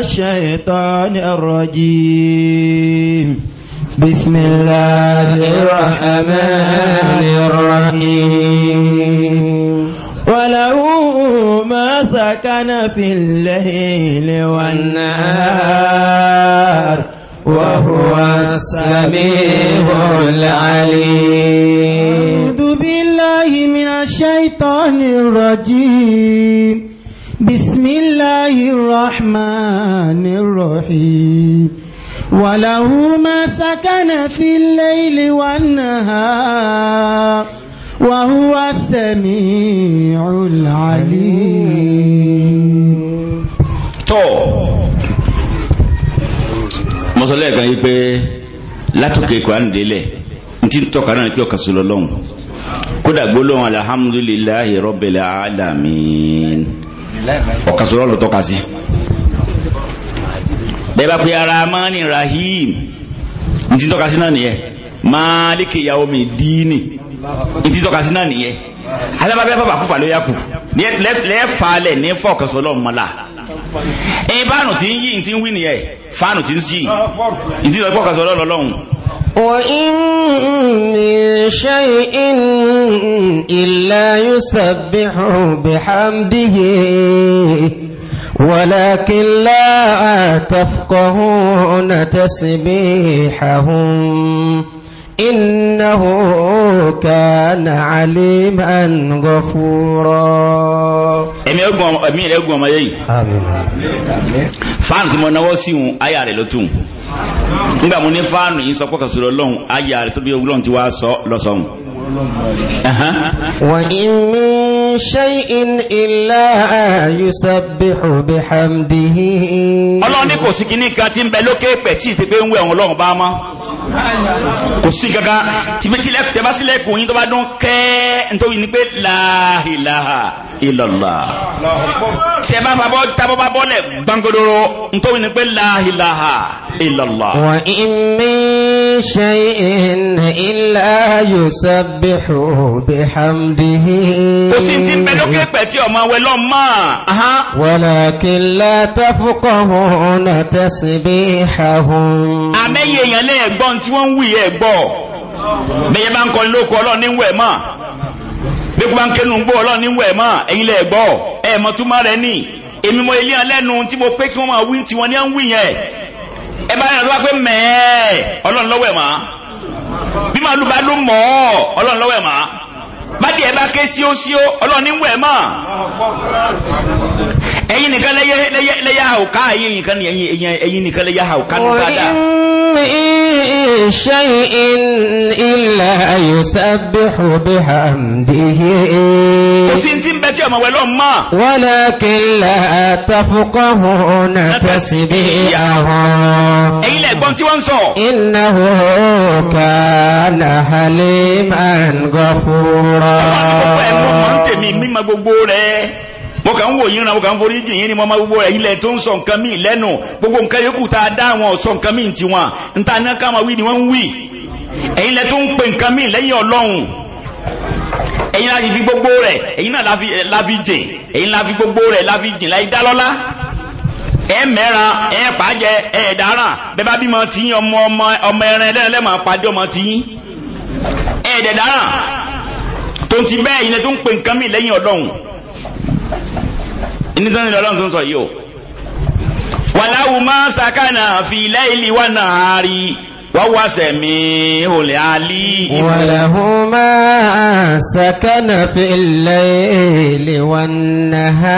الشيطان الرجيم بسم الله الرحمن الرحيم وله ما سكن في الليل والنهار وهو السميع العليم أعوذ بالله من الشيطان الرجيم الله الرحمن الرحيم وله ما سكن في الليل والنهار وهو السميع العليم tó mọ́sálẹ̀ kan yí pé látòkè kòránì délẹ̀ tí ń tọ́ka náà pé ọ̀kan sọlọ́lọ́hùn kódà gbólóhùn alhamdulillahi rabbil alamin ọ̀kan sọ̀rọ̀ ló tọ́ka sí. bẹ́ẹ̀ bá pe ara mani rahim n ti tọ́ka sí náà nìyẹn máàlìkì yaomi díínì n ti tọ́ka sí náà nìyẹn alábàbẹ́ bàbá kúfà ló yà kù lẹ́ẹ̀fàálẹ̀ ní fọ́ọ̀kan sọ̀rọ̀ mọ́lá ẹ báànù tí ń yí ní ti ń wí nìyẹn fáànù tí ń sí ní ti sọ pé ọ̀kan sọ̀rọ̀ lọ́lọ́run وإن من شيء إلا يسبح بحمده ولكن لا تفقهون تسبيحهم إنه كان عليما غفورا ẹ̀mí ẹgbùn ẹ̀mí ẹgbùn ọmọ yẹ́yìn fáànù tí mo náwó sí un ayà rẹ̀ ló tún nígbà mo ní fáànù yìí sọ pọ́kà sọ̀rọ̀ lọ́hùn ayà rẹ̀ tó bí ọlọ́hùn ti wá sọ lọ́sọ̀hùn. wọ́n ìmí شيء إلا يسبح بحمده ọlọ́run ní kò sí kíní kan tí ń bẹ lókè pẹ̀ tí ìsèpé ń wẹ̀ ọ̀hún ọlọ́run bá mọ́ kò sí kankan tìmẹ́tìlẹ́kùn tẹ́básílẹ̀kùn yín tó bá dún kẹ́ẹ́ nítorí ni pé láàhìláà illallah. tí ẹ bá bá bọ́ tábọ́ bá bọ́lẹ̀ gbàngòdòrò nítorí ni pé la ilaha illallah. wa in min shay'in illa yusabbihu bihamdihi. ó sì ti bẹ lókè pẹ̀ ọmọ wẹ lọ mọ́. walakin la tafqahuna tasbihahum. àmẹ́yẹ èèyàn lẹ́ẹ̀gbọ́n tí wọ́n ń wù yẹ gbọ́ bẹ́yẹ bá ń kọrin lóko ọlọ́ọ̀ ní wẹ̀ mọ́ bí kò bá ń kẹnu gbọ́ ọlọ́ọ̀ni wẹ̀ mọ́ ẹ̀yin lẹ̀ gbọ́ ẹ̀ mọ́ túmọ̀ rẹ̀ ni èmi mọ ilé alẹ́nu tí mo pé kí wọ́n máa wí tiwọn ní à ń wí yẹn ẹ bá yàrá pé mẹ́ẹ̀ ọlọ́ọ̀ni lọ́wọ́ ẹ̀ má bí màálù bá ló mọ̀ ọlọ́ọ̀ni lọ́wọ́ ẹ̀ má bá díẹ̀ bá ké síó ọlọ́ọ̀ni wẹ̀ má ẹ̀yin nìkan lẹ́yà àwòká ẹ̀yin nìkan ni ẹ̀yin nìkan lẹ́yà àwòká ní padà. min shay'in illa yusabbihu bihamdihi. kò sí ti ń bẹ tí ọmọ wẹ̀ lọ mọ́. walakin la tafqahuna tasbihahum. ẹ̀yin lẹ gbọ́n tí wọ́n ń sọ. innahu kana haliman ghafura. ọlọ́run gbogbo ẹ̀ mọ̀ mọ̀ ń tèmi mímọ̀ gbogbo rẹ̀. mo kàn ń wò yín ra mo kàn ń forí jìn yín ni mo máa gbogbo ẹ̀yin lẹ̀ tó ń sọ nǹkan lẹ́nu gbogbo nǹkan yòókù tá a dá wọn sọ nǹkan míì tiwọn nta ní ká máa wí ni wọ́n ń wí ẹ̀yin tó ń pe nǹkan lẹ́yìn gbogbo rẹ̀ ẹ̀yin náà jìn ẹ̀yin gbogbo rẹ̀ jìn láì dá lọ́lá mẹ́ra ọmọ ọmọ nítorí ọlọ́run tó ń sọ yìí o wàláwù máa sàkánà fi láìlì wà náà rí wọ́wọ́ sẹ̀mí olè alí wàláwù máa sàkánà fi láìlì wà náà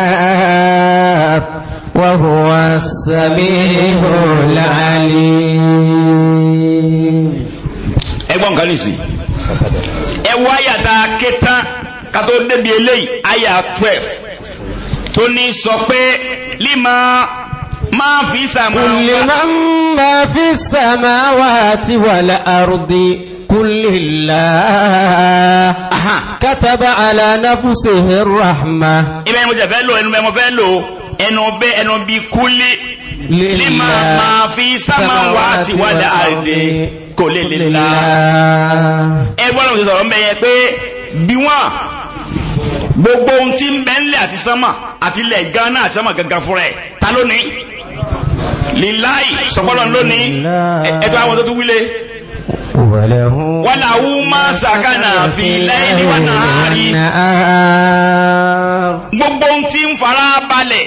wọ́wọ́ sẹ̀mí olè alí ẹgbọ́n kan nìsí ẹwọ́ àyàtà kẹta kátó débi eléyìí àyà 12 tó ní sọ pé límọ̀ máa fi sàmà máa fi sàmà wà tí wà láàrùdí kúlìlá kátàbà alánàfúsè rahma ibẹ̀ mo jẹ́ fẹ́ lò ẹnu bẹ́ mo fẹ́ lò ẹnu bẹ́ ẹnu bí kúlì límọ̀ máa fi sàmà wà tí wà láàrùdí kúlìlá ẹgbọ́n ló ti sọ̀rọ̀ ń bẹ̀yẹ pé bí wọ́n gbogbo ohun tí ń bẹ ńlẹ̀ àti sánmà àti ilẹ̀ Ghana àti sánmà gangan fúnra ẹ̀ ta ló ní lilayi sọgbọ́dọ̀ ló ní ẹ̀dọ́ àwọn tó tún wílé wàláhù máa sàkánà fi lẹ́yìn wà náà gbogbo ohun tí ń fara balẹ̀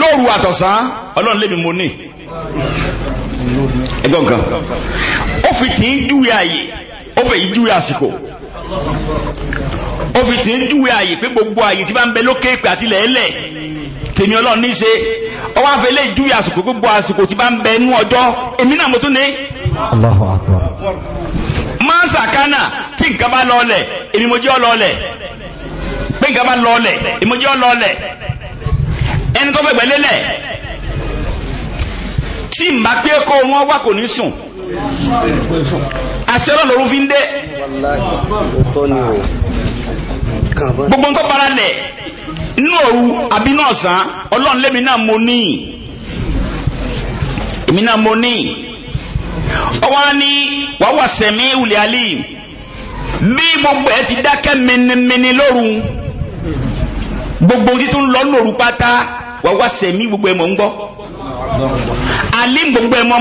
lóru àtọ̀sán ọlọ́run lèmi mo ní ẹgbọ́n nǹkan ó fi tí ń júwe àyè ó fẹ̀ júwe àsìkò ó fi tì í júwe ààyè pé gbogbo ààyè tí bá ń bẹ lókè èpè àti lẹ́ẹ̀lẹ̀ tèmi ọlọ́run ní ṣe ó wá fẹ́ lé ìjúwe àsìkò gbogbo àsìkò tí bá ń bẹ nú ọjọ́ èmi náà mo tún ní. Allahu Akbar. máa sàkánà tí nǹkan bá lọ ọlẹ̀ èmi mo jẹ́ ọ lọ ọlẹ̀ pé nǹkan bá lọ ọlẹ̀ èmi mo jẹ́ ọ lọ ọlẹ̀ ẹni tó fẹ́ gbẹ́lélẹ̀ tí n bá pé kó wọn wá kò ní sùn àṣẹ ọlọ́run fi ń dé. gbogbo nǹkan para lẹ̀ nínú òru àbí náà sàn ọlọ́run lẹ́mi náà mo ní èmi náà mo ní ọwọ́ gbogbo ẹ ti dákẹ́ gbogbo títún lọ lóru pátá wàá sẹ̀mí gbogbo ẹ mọ̀ gbogbo ẹ mọ̀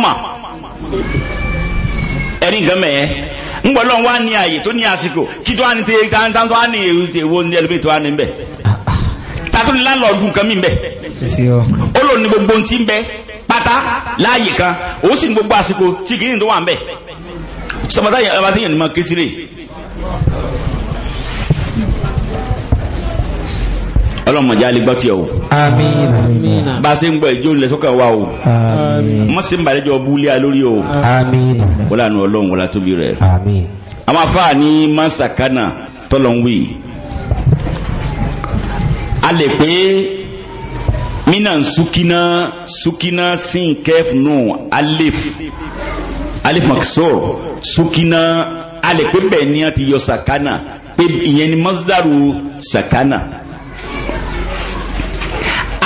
mà ẹ̀rí ńgbọ́lọ́ wa ní àyè tó ní àsìkò kí tó wá ní tẹ́yẹ tán tó wá ní èrú tẹ́ wo ní ẹlòmíì tó wá ní bẹ̀ tàtó ní lálọ́ọ̀dù nǹkan mi bẹ̀ ó lò ní gbogbo ti bẹ pátá láàyè kan ó sì ní gbogbo àsìkò tí kìíní tó wà ń bẹ̀ sọpọ́tà yẹn ọba tí yẹn ní mọ késìrè ọlọ́mọdé alégbàtí ẹ̀ o àmín bá a ṣe ń gbọ́ ìjó ń lẹ sọ́kàn wa o àmín mọ́ sí ń bàlẹ́ jọ búlé a o wọ́n lànà ọlọ́run wọ́n látóbi rẹ̀ àmín àwọn ní mọ́sàkánà tọ́lọ́nwì a lè pé mina sukina sukina sinkef nù alif alif maksor sukina a lè pé bẹ́ẹ̀ ni a ti yọ sàkánà pé ìyẹn ni masdaru sàkánà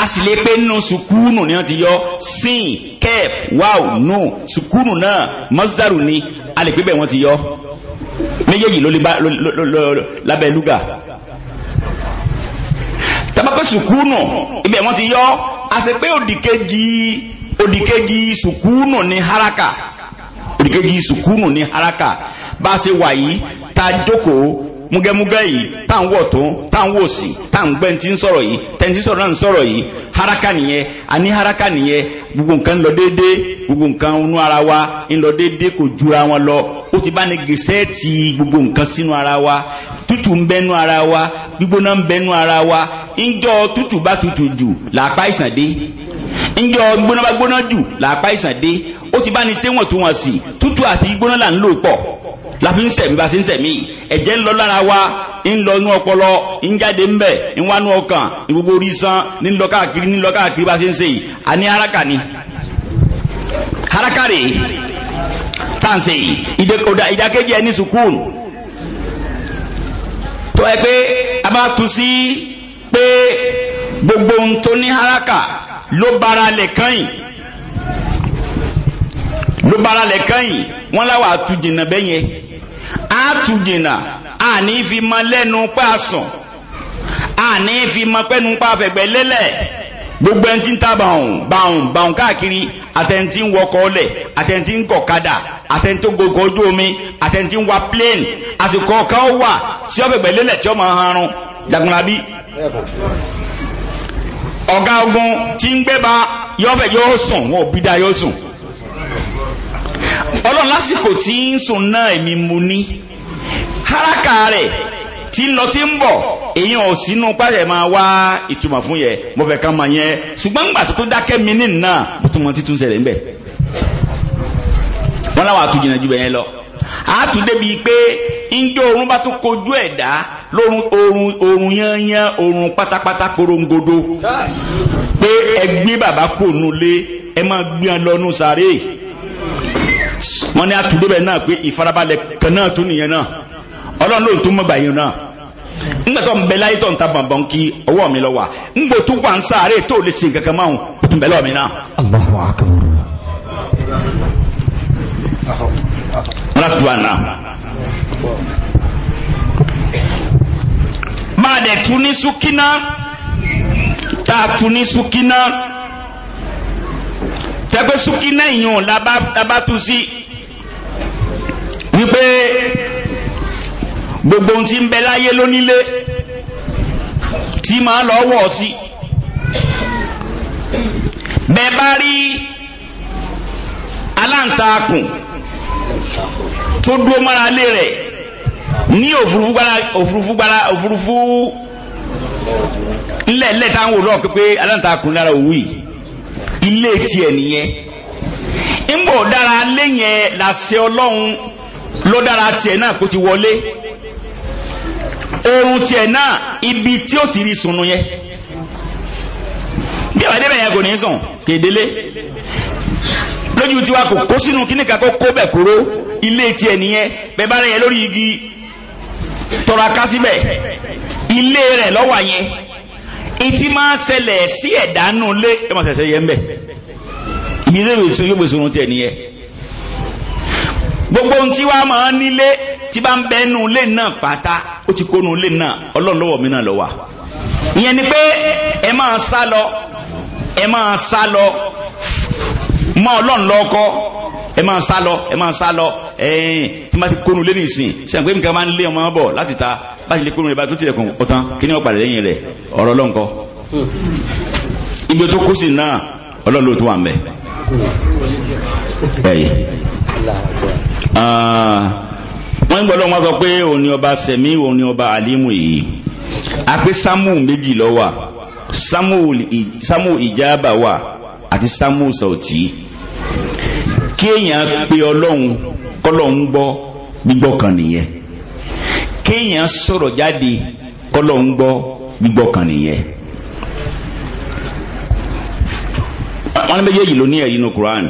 sì lè pé nínú sukúnù ni wọ́n ti yọ sin kef wow nu sukúnù náà mọ́sítàrù ni a lè pé bẹ́ẹ̀ wọ́n ti yọ méjèèjì ló lè bá lábẹ́ lúgà tabapẹ́ sukúnù ibẹ̀ wọ́n ti yọ a pé òdìkejì òdìkejì sukúnù ni haraka òdìkejì sukúnù ni haraka bá a ṣe wà yìí ta jókòó múgẹ́múgẹ́ yìí tá à ń wọ̀ tó tá à ń wò sí tá à ń gbẹ́ ti ń sọ̀rọ̀ yìí tẹ̀ǹtì sọ̀rọ̀ náà ń sọ̀rọ̀ yìí haraka nìyẹn àní haraka nìyẹn gbogbo nǹkan ń lọ déédéé gbogbo nǹkan inú ara wa ń lọ déédéé kò jura wọn lọ ó ti bá ní gẹ̀sẹ́ẹ̀tì gbogbo nǹkan sínú ara wa tútù ń bẹ́nu ara wa gbígbóná ń bẹ́nu ara wa ńjọ tútù bá tútù jù làápá ìsàn dé ńjọ gbóná bá gbóná jù làápá ìsàn dé ó ti bá ní ṣé wọ̀ntúnwọ̀nsì tútù àti gbóná là ń lò pọ̀ lafi fi ba sẹ̀mí bá fi ń ẹ̀jẹ̀ ń lọ lára wa ń lọ inú ọpọlọ ń jáde ń bẹ̀ ń ọkàn gbogbo orí san ní lọ káàkiri ní lọ káàkiri bá fi ń sèyí haraka ni haraka rè tá à ń sèyí ìdákejì ẹni sùkúùn tó ẹ pé a bá tu sí pé gbogbo ohun tó ní haraka ló bara le kàn ló bara lẹ̀ kàn yìí wọ́n láwàá tu jìnnà bẹ́yẹn. a àní fi mọ lẹ́nu pàṣọ àní fi mọ pẹ́nu pàfẹ̀gbẹ́ lélẹ̀ gbogbo ẹni tí ń ta bàùn bàùn bàùn káàkiri àtẹ̀ntí ń wọkọ̀ ọlẹ̀ àtẹ̀ntí ń kọ̀kadà àtẹ̀ntí ń gòkò ojú omi àtẹ̀ntí ń wa plane àsìkò ọ̀kan ó wà tí ó bẹ̀gbẹ̀ lélẹ̀ tí ó máa harun jagunlabi. ọ̀gá ogun tí ń gbẹ́ba yọ̀ọ́fẹ̀ yóò sùn wọn ò bí da yóò sùn ọlọ́run lásìkò tí ń sùn náà èmi mu ní haraka rẹ̀ tí ń lọ tí ń bọ̀ èyàn ò sínú pàṣẹ máa wá ìtumọ̀ fún yẹ mo fẹ́ ká máa yẹn ṣùgbọ́n nígbà tó tó dákẹ́ mi ní náà mo tún mọ títún ṣẹlẹ̀ ńbẹ̀ wọn làwọn àtúnjìnà jù bẹ́ẹ̀ yẹn lọ àtúndé bíi pé njẹ́ oorun bá tún kojú ẹ̀dá lórun oorun oorun yanyan oorun pátápátá korongodo pé ẹ gbé bàbá kò nulẹ̀ ẹ máa gbé ọ lọ́nu sáré. wọ́n ní àtúndébẹ̀ náà pé ìfarabalẹ kan náà tún nìyẹn náà ọlọ́run ló ń tún mọ̀gbà yẹn náà nígbà tó ń bẹ láyé tó ń ta bọ̀nbọ̀n kí ọwọ́ mi lọ wà nígbà tó wà ń sáré tó lè sin kankan máa ń tún bẹ lọ́ọ̀ mi náà. Allahu akbar. wọ́n á tu àná. máa dẹ̀ tu ní sukina tá a tu ní sukina. tẹ́gbẹ́ súnkì laba laba labátú sí wípé gbogbo ohun tí ń bẹ láyé lónílé tí máa lọ wọ̀ sí bẹ́ẹ̀ bá rí aláǹtakùn tó dúró mọ́ra lé rẹ̀ ní òfurufú gbára òfurufú gbára òfurufú ńlẹ̀ ńlẹ̀ táwọn òwúrọ̀ pé aláǹtakùn lára òwú yìí ilé tiẹ̀ nìyẹn ńgbò dára léyìn làṣẹ ọlọ́run ló dára tiẹ̀ náà kó ti wọlé oorun tiẹ̀ náà ibi tí ó ti rí sunu yẹn bí àwọn ẹdẹ bẹ yẹn kò ní sùn kédele lójú tiwa kò kó sínú kíní kan kó kó bẹ kúrò ilé tiẹ̀ nìyẹn bẹ́ẹ̀ bá rẹ yẹn lórí igi tọrọ akásíbẹ ilé rẹ lọ́wọ́ yẹn. ìtì máa ṣẹlẹ̀ sí ẹ̀dá nù lé ẹ máa ṣẹ̀ṣẹ̀ yẹ ń bẹ̀ ibi ilé yóò gbogbo ohun tí wàá máa nílé tí bá ń bẹ nù lé náà pátá ó ti kó nù lé náà ọlọ́run lọ́wọ́ mi náà lọ ìyẹn ni pé ẹ máa sá lọ ẹ máa sá lọ ẹ máa sá lọ ẹ máa sá lọ ẹ̀yìn tí máa ti kónú lé nìsín sẹ́yìn pé nǹkan máa ń lé ọmọ bọ̀ láti ta báyìí lè kónú rẹ̀ bá tó tilẹ̀ kùn ọ̀tán kí ni wọ́n padà lẹ́yìn rẹ̀ ọ̀rọ̀ lọ́nkọ́ ibi tó kó sí náà ọlọ́run ló tún wà mẹ́ ẹ̀yìn ah, wọ́n ń gbọ́ lọ́wọ́ sọ pé òun ni ọba sẹ̀mí òun ni ọba àlímù yìí a pé sámù méjì ló wà sámù ìjábà wà àti sámù sọ̀tì kí èèyàn pe ọlọ́run kọ́lọ́run gbọ́ gbígbọ́ kan nìyẹn kí èèyàn sọ̀rọ̀ jáde kọ́lọ́run gbọ́ gbígbọ́ kan nìyẹn. wọn méjèèjì ló ní ẹ̀rí inú Quran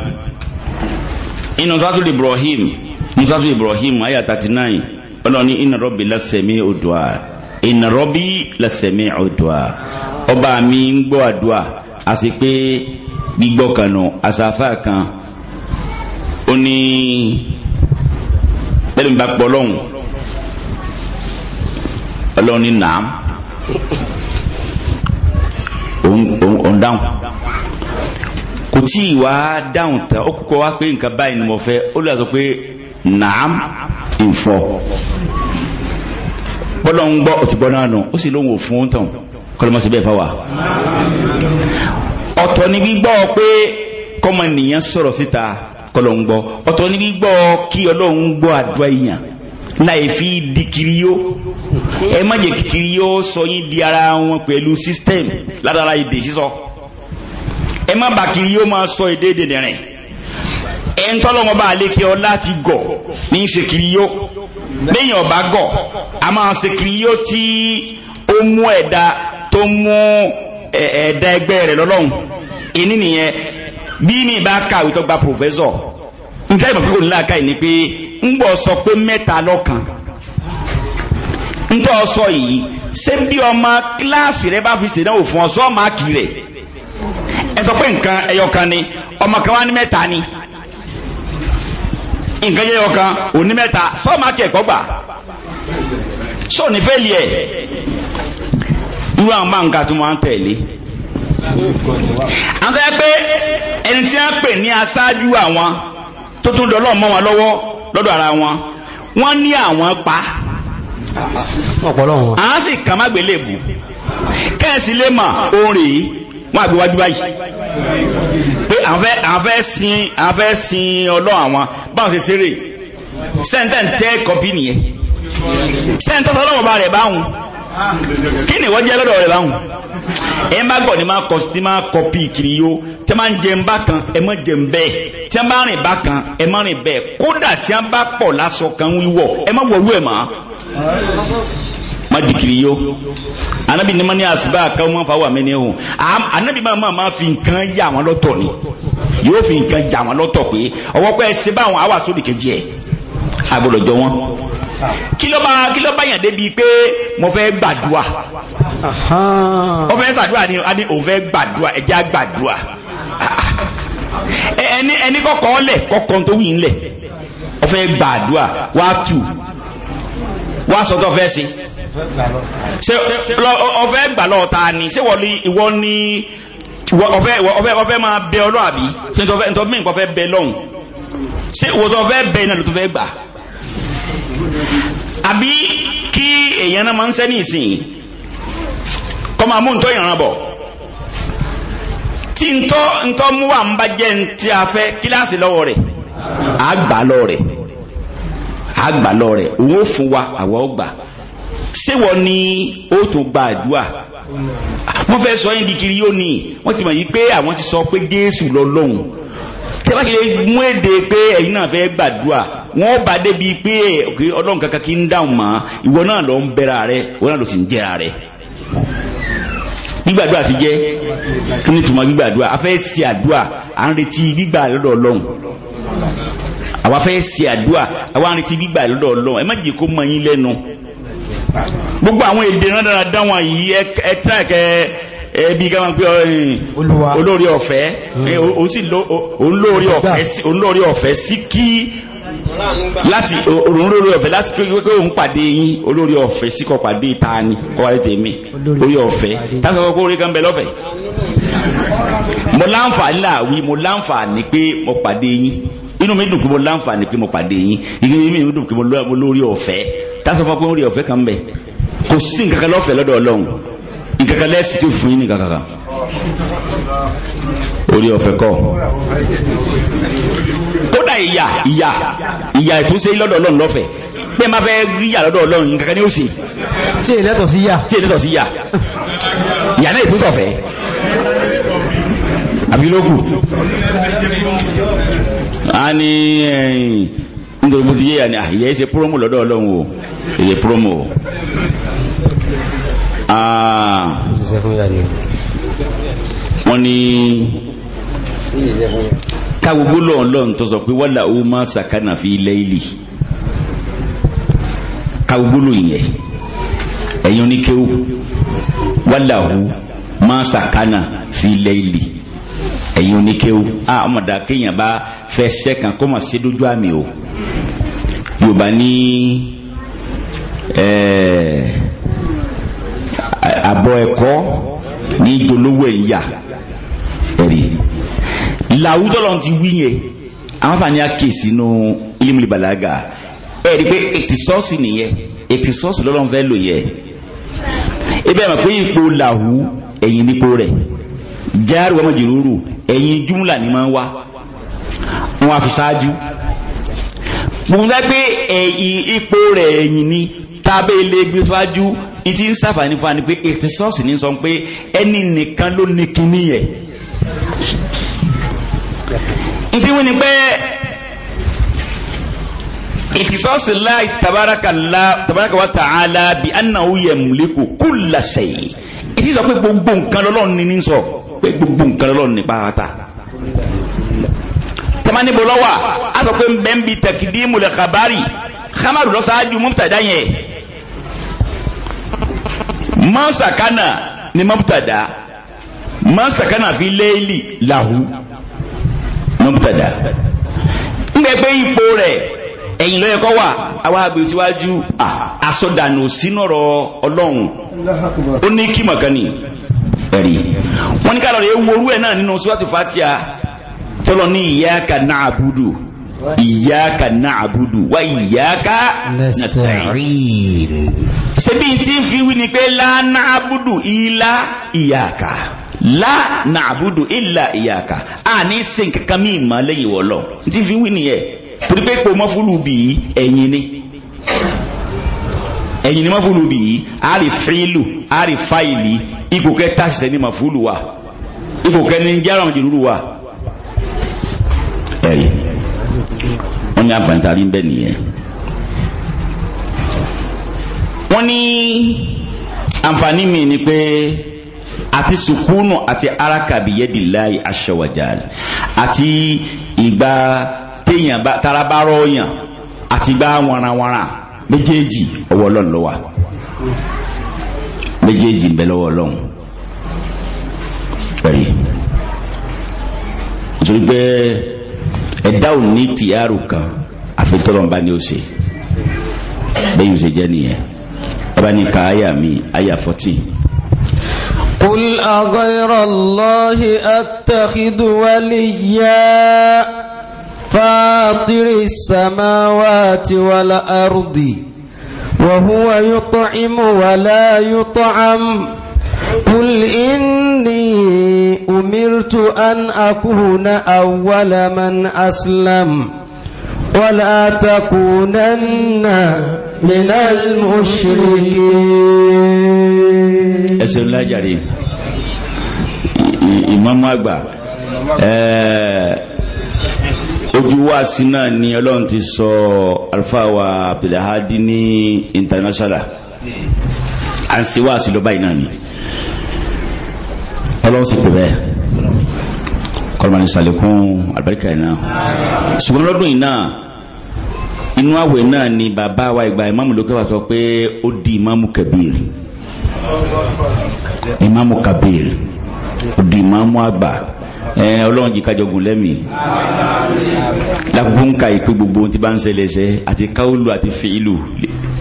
inú sátúlù Ibrahim inú sátúlù Ibrahim ayah thirty nine ọlọ́ni inna Rabbi lasemi odua inna Rabbi lasemi odua ọba mi ń gbọ́ àdúrà àti pé gbígbọ́ kan nù àsàfà kan ó ní bẹ́ẹ̀ ni bá pọ̀ lọ́hùn ọlọ́run ní nàám òun dáhùn kò tí ì wá dáhùn tán ó kúkọ wá pé nǹkan báyìí ni mo fẹ́ ó lè sọ pé nàám ìfọ bọ́lọ̀ ń gbọ́ òtí gbọ́ náà nù ó sì lóhùn òfun tán kọlọmọ sí bẹ́ẹ̀ fáwà ọ̀tọ̀ ni gbígbọ́ pé kọ́mọ nìyẹn sọ̀rọ̀ síta kọlọ́n gbọ́ ọ̀tọ̀ ní gbígbọ́ kí ọlọ́run gbọ́ àdúrà èèyàn láì fi di kiri yó ẹ má jẹ́ kiri yó sọ yín di ara wọn pẹ̀lú system ládàra èdè sísọ ẹ má bà kiri yó máa sọ èdè èdè rẹ̀ ẹ ń tọ́lọ́wọ́n bá àlékè ọ láti gọ̀ ní ṣe kiri yó lẹ́yìn ọ̀bá gọ̀ a máa ṣe kiri yó tí ó mú ẹ̀dá tó mú ẹ̀ẹ́dá ẹgbẹ́ rẹ̀ lọ́lọ́run ìní nìyẹn bí mi bá kàwé tó gba pòfẹ́sọ̀ nǹkan ìmọ̀ pípò nílá káì ni pé ń bọ̀ sọ pé mẹ́ta lọ́kàn ń tọ́ sọ yìí ṣé bí ọmọ kíláàsì rẹ bá fi ṣèdánwò fún ọ sọ ọmọ àkì rẹ ẹ sọ pé nǹkan ẹyọkan ni ọmọ kan wá ní mẹ́ta ni nǹkan ẹyọkan òní mẹ́ta sọ ọmọ àkì ẹ̀kọ́ gbà sọ ní fẹ́ẹ̀lì ẹ̀ irú àwọn máa ń ga tó máa ń tẹ̀lé àwọn tó yẹ pé ẹni tí wọ́n pè ní aṣáájú àwọn tó tún dọ́lọ́ mọ́ wọn lọ́wọ́ lọ́dọ̀ ara wọn wọ́n ní àwọn pa ọ̀pọ̀lọ́wọ́ àwọn sì kàn má gbélébù kẹ́ẹ̀sì lè mọ̀ orin yìí wọ́n àgbéwájú báyìí pé àwọn fẹ́ sin àwọn fẹ́ sin ọlọ́run àwọn báwọn ṣe ṣeré sẹ́ńtẹ̀ ń tẹ́ kọ́pì nìyẹn sẹ́ńtẹ̀ tọ́lọ́wọ́ bá rẹ̀ báwọn kí ni wọ́n jẹ́ lọ́dọ̀ rẹ̀ báwọn ẹ má gbọ́ ni má kọ ni má kọ píì kiri yó tí wọ́n jẹ ń bá kan ẹ má jẹ ń bẹ́ẹ̀ tí wọ́n bá rìn bá kan ẹ má rìn bẹ́ẹ̀ kódà tí wọ́n bá pọ̀ lásọ kan wíwọ̀ ẹ má wọ̀lú ẹ̀ mọ́ má di kiri yó anabi ni ma ní àsìbá máa fa wà mí ni o anabi máa máa máa fi nǹkan yà wọn lọ́tọ̀ ni yóò fi nǹkan jà wọn lọ́tọ̀ pé ọwọ́ pẹ́ ẹ ṣe báwọn agbọ́dọ̀jọ wọn kí ló bá kí ló bá yàn débi pé mo fẹ́ gbàdúà ó fẹ́ sàdúà ni a ní òun fẹ́ gbàdúà ẹ̀jẹ̀ àgbàdúà ẹni ẹni kọ́kọ́ lẹ̀ kọ́kọ́ tó wù ń ó fẹ́ gbàdúà wá tù wá sọ tó fẹ́ sí ṣe ó fẹ́ gbà lọ́ọ̀ ta ni ṣé wọ́n ní ìwọ ní ọ̀fẹ́ ọ̀fẹ́ máa bẹ ọlọ́ àbí ṣe ní tó mí nǹkan fẹ́ bẹ lọ́hùn ṣé wòtò fẹ́ bẹ iná ló tó fẹ́ gbà àbí kí èèyàn náà máa ń sẹ́ni ìsìn kọ́ máa ìrànà bọ̀ tí ntọ́ ntọ́ mú wà ń bá ntí a fẹ́ kíláàsì lọ́wọ́ rẹ̀ àgbà lọ́wọ́ rẹ̀ àgbà lọ́wọ́ rẹ̀ òun ó fún wa àwọn ó gbà ṣé wọ́n ní ó tún gba àdúrà wọ́n fẹ́ sọ yín di kiri yóò ní wọ́n ti mọ̀ yí pé àwọn ti sọ pé Jésù lọ lọ́hùn tẹ́wájú lè mú èdè pé ẹ̀yin náà fẹ́ gbàdúrà wọ́n bá débi pé ọlọ́run kankan kí ń dáhùn mọ́ ìwọ náà lọ ń bẹ́ra rẹ ìwọ náà lọ sì ń jẹ́ra rẹ gbígbàdúrà ti jẹ́ kí ni gbígbàdúrà a fẹ́ ṣe àdúrà à ń retí gbígbà lọ́dọ̀ ọlọ́run gbogbo àwọn èdè náà dára ẹbí gáwọn pé eh, olórí ọ̀fẹ́ hmm. eh, olórí ọ̀fẹ́ sí kí láti olórí ọ̀fẹ́ láti pé pé òun pàdé yín olórí ọ̀fẹ́ sí kọ́ pàdé ta ni kọ́ wáyé tèmi olórí ọ̀fẹ́ táwọn ọkọ̀ orí kan bẹ lọ́fẹ̀ẹ́ mo láǹfààní làwí mo láǹfààní pé mo pàdé yín inú mi dùn pé mo láǹfààní pé mo pàdé yín inú mi dùn pé mo lórí ọ̀fẹ́ táwọn ọkọ̀ orí ọ̀fẹ́ kan bẹ kò sí nǹkan kan lọ́fẹ̀ẹ́ lọ́dọ̀ ọlọ́run ìkẹ̀kẹ̀ lẹ́sì tí ó fún yín ní kàkàkà orí ọ̀fẹ́ kọ́ kódà ìyà ìyà ìyà ìtúnṣe lọ́dọ̀ ọlọ́run lọ́fẹ̀ pé má fẹ́ ríyà lọ́dọ̀ ọlọ́run ìkẹ̀kẹ̀ ní ó sì tí èlẹ́tọ̀ sí yà tí èlẹ́tọ̀ sí yà ìyà náà ìtúnṣọ̀fẹ́ àbílókù a ní ẹ̀yìn eh, nítorí mo ti yé yà ní àyẹ́ ṣe promo lọ́dọ̀ ọlọ́run o èyẹ promo Ah. wọ́n ní kágbogbo lọ́ọ̀lọ́ọ̀ tó sọ pé wọ́lá ó máa sàkánà fi ilẹ̀ ilì kágbogbo lò yẹn ẹ̀yin oníkéwò wọ́lá ó máa sàkánà fi ilẹ̀ ilì ẹ̀yin oníkéwò a ọmọdé akéèyàn bá fẹ́ sẹ́kàn kó mà sí dójú àmì o yorùbá ní ẹ̀ẹ́ àbọ̀ ẹ̀kọ́ ní ìjọlówó ẹ̀yà ẹ̀rí làwùjọ lọ́n ti wí yẹn àwọn fani àkèsí nu ilimuli balaga ẹ̀rí pé ètì sọ́ọ̀sì nìyẹn ètì sọ́ọ̀sì lọ́lọ́n fẹ́ lò yẹ ebe ma pe ipò làwù ẹ̀yìn nípò rẹ̀ jáàrú ọmọ jìrúrù ẹ̀yìn júmùlà ni máa ń wá wọn àfi ṣáájú mo ń dá pé ipò rẹ̀ ẹ̀yìn ni tàbí ilé gbé síwájú ìtí ń sàfàní fún wa ni pé ètò sọ́ọ̀sì ní sọ pé ẹni nìkan ló ní kíní yẹ ìtí wọ́n ni pé ìtìsọ́ọ̀sì láì tabaraka wa ta'ala bí annahu yamliku kulla shay ìtí sọ pé gbogbo nǹkan lọ́lọ́run ní ní sọ pé gbogbo nǹkan lọ́lọ́run ní pàápàá tamani bolowa a sọ pé ń bi takidimu lè kabari khamaru lọ sáájú yẹn masakana ni mọ́bútàdá masakana fi léèlì làhú mọ́bútàdá ńgbẹ́ pé ipò rẹ̀ ẹ̀yìn lọ́yẹ̀ kọ́ wà àwọn agbèrè síwájú àsọdànù sínú ọ̀rọ̀ ọlọ́run ó ní kí mọ̀kánì ẹ̀rí wọ́n ní ká lọ́ọ́ rẹ̀ ewu orú ẹ̀ náà nínú síwájú fatia tọ́lọ́ ní iyyaka na'budu. ìyáka na'budu wa ìyáka nasta'in ṣe bí tí fi wí ni pé la na'budu illa ìyáka la na'budu illa ìyáka a ní sin kankan mi ìmọ̀ lẹ́yìn wọ̀ lọ tí fi wí nìyẹn torí pé pò mọ́fúlù bì í ẹ̀yìn ni ẹ̀yìn ni mọ́fúlù bì í àrí fílù àrí fáìlì ipò kẹta ṣiṣẹ́ ni mọ́fúlù wa ipò kẹni jẹ́rọ̀ jùlù wa ẹ̀yìn wọ́n ní àǹfààní a rí ń bẹ̀ nìyẹn. wọ́n ní àǹfààní mi ni pé àti sùkúnù àti arákàbí yẹ́dì láì aṣọwàjà àti ìgbà téèyàn tarabárọ̀ yàn àti ìgbà wọ̀nranwọ̀nra méjèèjì ọwọ́ ọlọ́run ló wà méjèèjì ń bẹ lọ́wọ́ ọlọ́run pẹ̀lú nítorí pé ẹ̀dá ò ní tìyàrù kan àfitọ́lọ́mbá ni ó ṣe bẹ́yìn ó ṣe jẹ́ nìyẹn ọba ní ka àyà mi àyà 14 قل أغير الله أتخذ وليا فاطر السماوات والأرض وهو يطعم ولا يطعم قل إن إني أمرت أن أكون أول من أسلم ولا تكونن من المشركين ẹsẹ̀ ńlá jàre ìmọ̀mú àgbà ojú wa sí náà ni ọlọ́run ti sọ alfa wa abdulhadi ní international à ń ṣe sí lọ́ba yìí náà ni ọlọ́run sì pè bẹ́ẹ̀ kọlọ́mọ ní sàlékún àbẹ́ríkà náà ṣùgbọ́n lọ́dún yìí náà inú àwẹ̀ náà ni bàbá wa ìgbà ìmáàmù lókè wà sọ pé ó di ìmáàmù kabir ìmáàmù kabir ó di ìmáàmù àgbà ọlọ́run jí kájọgùn lẹ́mí lákòókò ń ka ìpé gbogbo tí bá ń ṣẹlẹ̀ṣẹ́ àti káúlù àti fìlù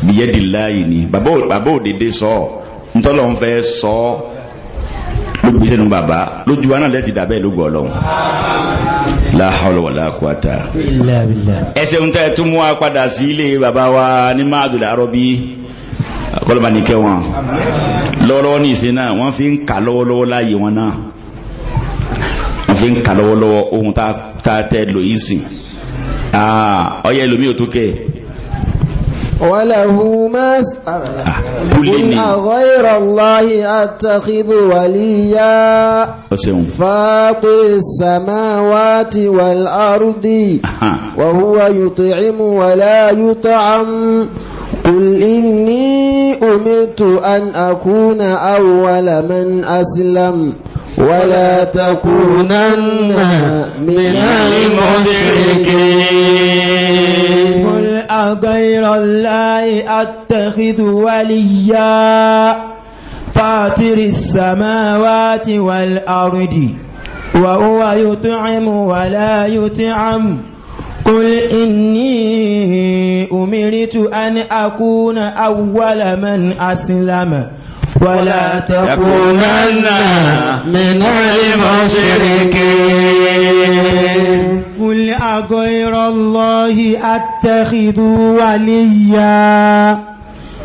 bìyẹ́dì ni bàbá òdèdè sọ ntọ́lọ́ ń fẹ́ sọ ọ́ lójú sẹ́nu bàbá lójú wa náà lẹ́ti dàbẹ́ lógo ọlọ́run la hawla wala quwata ẹsẹ̀ ń tẹ́ tún mú wa padà sí ilé bàbá wa ní máàdùn làárọ̀ bí kọlọ́ba ní kẹ́ wọn lọ́wọ́lọ́wọ́ ní ìsìn náà wọ́n fi ń kà lọ́wọ́lọ́wọ́ láàyè wọn náà wọ́n fi ń kà lọ́wọ́lọ́wọ́ ohun tá a tẹ́ lò sìn ọyẹ́ lómi ò tó kẹ́ ẹ̀. وله ما آه، قل أغير الله أتخذ وليا فاطر السماوات والأرض وهو يطعم ولا يطعم قل إني أمرت أن أكون أول من أسلم ولا تكونن من المشركين أو غير الله أتخذ وليا فاتر السماوات والأرض وهو يطعم ولا يطعم قل إني أمرت أن أكون أول من أسلم ولا تكونن من المشركين قل أغير الله أتخذ وليا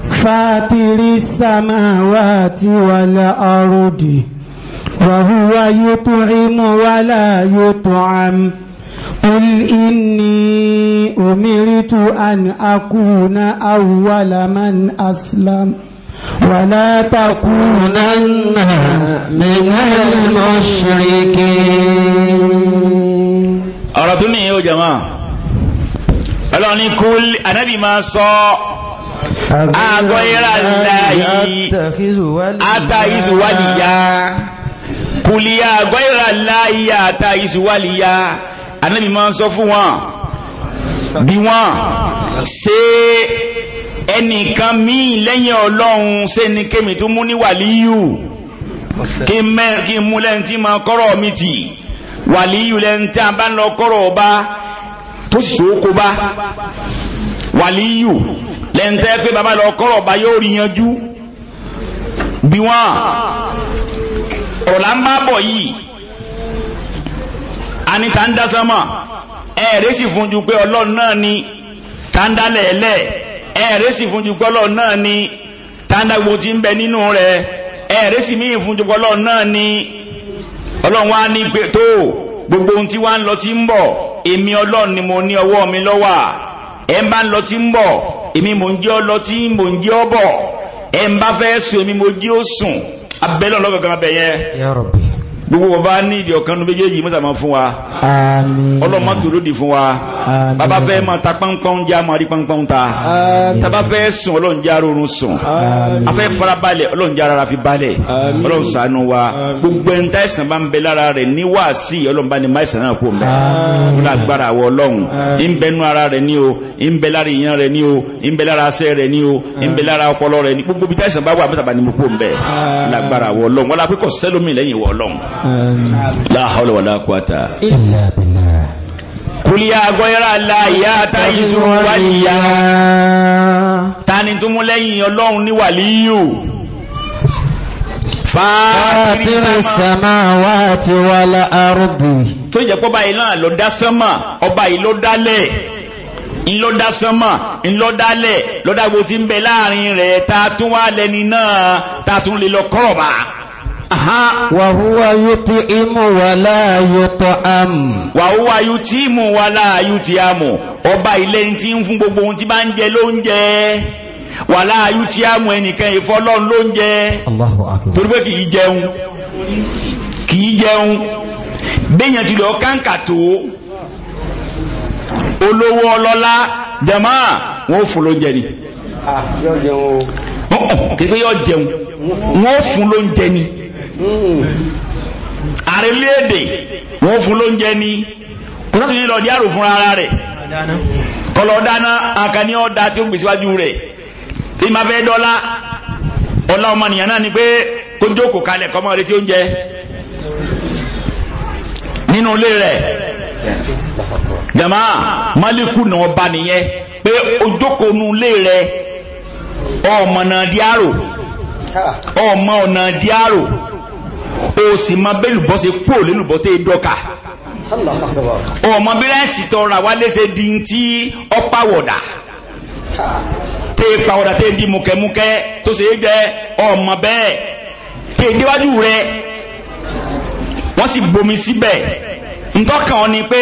فاتر السماوات والأرض وهو يطعم ولا يطعم قل إني أمرت أن أكون أول من أسلم ولا تكونن من المشركين ọ̀rọ̀ tó nìyẹn ó jẹ̀mọ́ ọlọ́run ní kú anábì máa sọ àgọ́yẹ́rà láàyè àtàìsùwádìyà kùlìyà àgọ́yẹ́rà láàyè àtàìsùwádìyà anábì máa sọ fún wọn bí wọn ṣe ẹnìkan míì lẹ́yìn ọlọ́run ṣe ni kémi tó mú ní kí mú lẹ́yìn tí máa kọ́rọ̀ mi tì. wàlíyù lẹ́ni tí a ń lọ kọ́rọ̀ ọba tó sì tó kó bá wàlíyù lẹ́ni pé bàbá ọba yóò rí yanjú bí wọ́n ọ̀la ń bá bọ̀ yìí anita ń dásámọ̀ ẹ̀ẹ́rẹ́ sì fún ju pé ọlọ́run náà ni tàndálẹ̀ẹ́lẹ̀ ẹ̀ẹ́rẹ́ sì fún ju pé ọlọ́run náà ni tàndàgbò ti ń bẹ nínú rẹ̀ ẹ̀ẹ́rẹ́ sì míì fún ju pé ọlọ́run náà ni. ọlọ́run wá ní pé tó gbogbo ohun tí wá ń lọ tí ń bọ̀ èmi ọlọ́run ni mo ní ọwọ́ mi lọ́wà ẹ ń bá ń lọ tí ń bọ̀ èmi mò ń jẹ́ ọlọ tí mò ń jẹ́ ọ bọ̀ ẹ ń bá fẹ́ sùn èmi mo jí ó sùn abẹ́lẹ́ ọlọ́gàgàn abẹ́yẹ gbogbo wọn bá ní ìdí ọ̀kan nu méjèèjì mọ́tà máa fún wa ọlọ́mọ tó lòdì fún wa bàbá fẹ́ máa ta pọ́npọ́n já máa rí pọ́npọ́n ta tàbá fẹ́ sùn ọlọ́run já rọrùn sùn afẹ́ farabalẹ̀ ọlọ́run já rárá fi balẹ̀ ọlọ́run ṣàánú wa gbogbo ẹni táìsàn bá ń bẹ lára rẹ̀ ní wàásì ọlọ́run bá ní máìsàn náà kó mẹ́ wọn agbára wọ ọlọ́run ń ara rẹ̀ ní o ń ìyàn rẹ̀ ní o ń la hawla wala quwata illa billah qul ya ghayra la ya ta'izu waliya tani tó mú lẹ́yìn Ọlọ́hun ní waliyu fàátìrì samawati wal ardi tó jẹ́ pọ́ báyìí náà ló dá sánmà ọba yìí ló dálẹ̀ ńlọ́dá sánmà ńlọ́dálẹ̀ lọ́dá gbogbo tí ń bẹ láàrin rẹ̀ ta tún wá lẹni náà ta tún lè lọ kọ́rọ̀ bá wàhúwà yóò tí imú wà láàyò tọ́ àmù wàhúwà yóò tí imú wà láàyò tí àmù ọba ilé tí ń fún gbogbo ohun tí bá ń jẹ ló ń jẹ wà láàyò tí àmù ẹnìkan ìfọlọ́n ló ń jẹ torí pé kì í jẹun kì í jẹun béèyàn ti lọ káńkà tó olówó ọlọ́lá jama wọn ò fún ló ni ah, kí pé yọ jẹun wọn ò fún ló ni àrẹ́lẹ́èdè wọ́n fún lóúnjẹ ní kúrọ́sì ní lọ́ọ̀dí àrò fún ara rẹ̀ kọlọ́dáná àkànní ọ̀dà tí ó gbèsè wájú rẹ̀ tí ma fẹ́ dọ́lá ọlá ọmọnìyàn náà ni pé kó jókòó kalẹ̀ kọ́mọ rẹ̀ tí ó ń jẹ nínú ilé rẹ̀ jama maliku náà ba nìyẹn pé ojókòó nu ilé rẹ̀ ọmọ náà diaro ọmọ náà diaro o sì máa bẹ́lùbọ́ ṣe kú ò lélùbọ́ tẹ́ dọ́kà ọmọ bírẹ́sì tọrọ àwa léṣe di ti ọpáwọ̀dà tẹ́ pàwọ̀dà tẹ́ di mùkẹ́mùkẹ́ tó ṣe é jẹ ọmọ bẹ́ẹ̀ tẹ́ déwájú rẹ wọ́n sì bomi síbẹ̀ ntọ́kàn ọ ni pé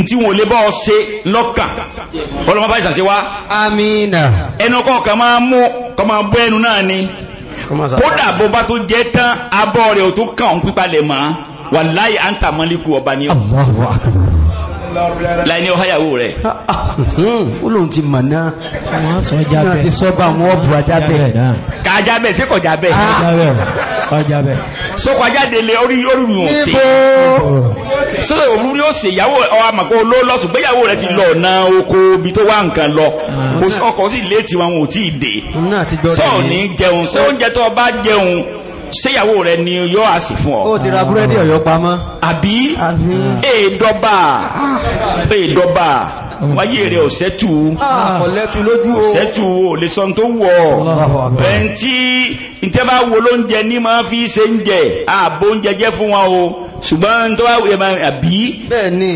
ntí wọn ò lè bọ́ ọ ṣe lọ́kàn ọlọ́mọ báyìí ṣàṣewá. amina ẹnu kọ̀ọ̀kan máa mú kọ́ máa bọ́ ẹnu náà ni kódà bó bá tó jẹ́ tán abọ́ rẹ̀ ò tó kàn ń pípalẹ̀ mọ́ wàláyé à ń tà mọ́líkù ọba ni. Allahu láì ní ọ̀háyàwó rẹ̀ ó lóun ti mọ̀ náà wọ́n sọ jábẹ̀ náà ti sọ bá wọn ọ̀bù ajábẹ̀ ká jábẹ̀ sí kọ̀ jábẹ̀ ọjábẹ̀ sókò ajáde lé orí orúurú wọn sí sókò orúurú yóò ṣe ìyàwó ọwọ́ àmàkó ló lọ́sùn gbéyàwó rẹ̀ ti lọ ọ̀nà oko ibi tó wá nǹkan lọ ah. ọkọ̀ sì léètì wọn ò tí ì dé sọ́ọ̀ ní jẹun sóúnjẹ tó bá jẹun ṣéyàwó rẹ̀ ni yọ́ a sì fún ọ. ó ti ra búrẹ́dì ọ̀yọ́ pamọ́. àbí èèdọ́bà èèdọ́bà ah. wáyé rẹ̀ ò sẹ́tù ọ̀lẹ́tù ah, lójú o sẹ́tù ò lè sọ tó wọ̀ ẹn tí ìtẹ́ bá wo ló ń jẹ ní máa fi ṣe ń jẹ ààbò ń jẹjẹ fún wọn o ṣùgbọ́n tó wá wùyẹ máa àbí bẹ́ẹ̀ni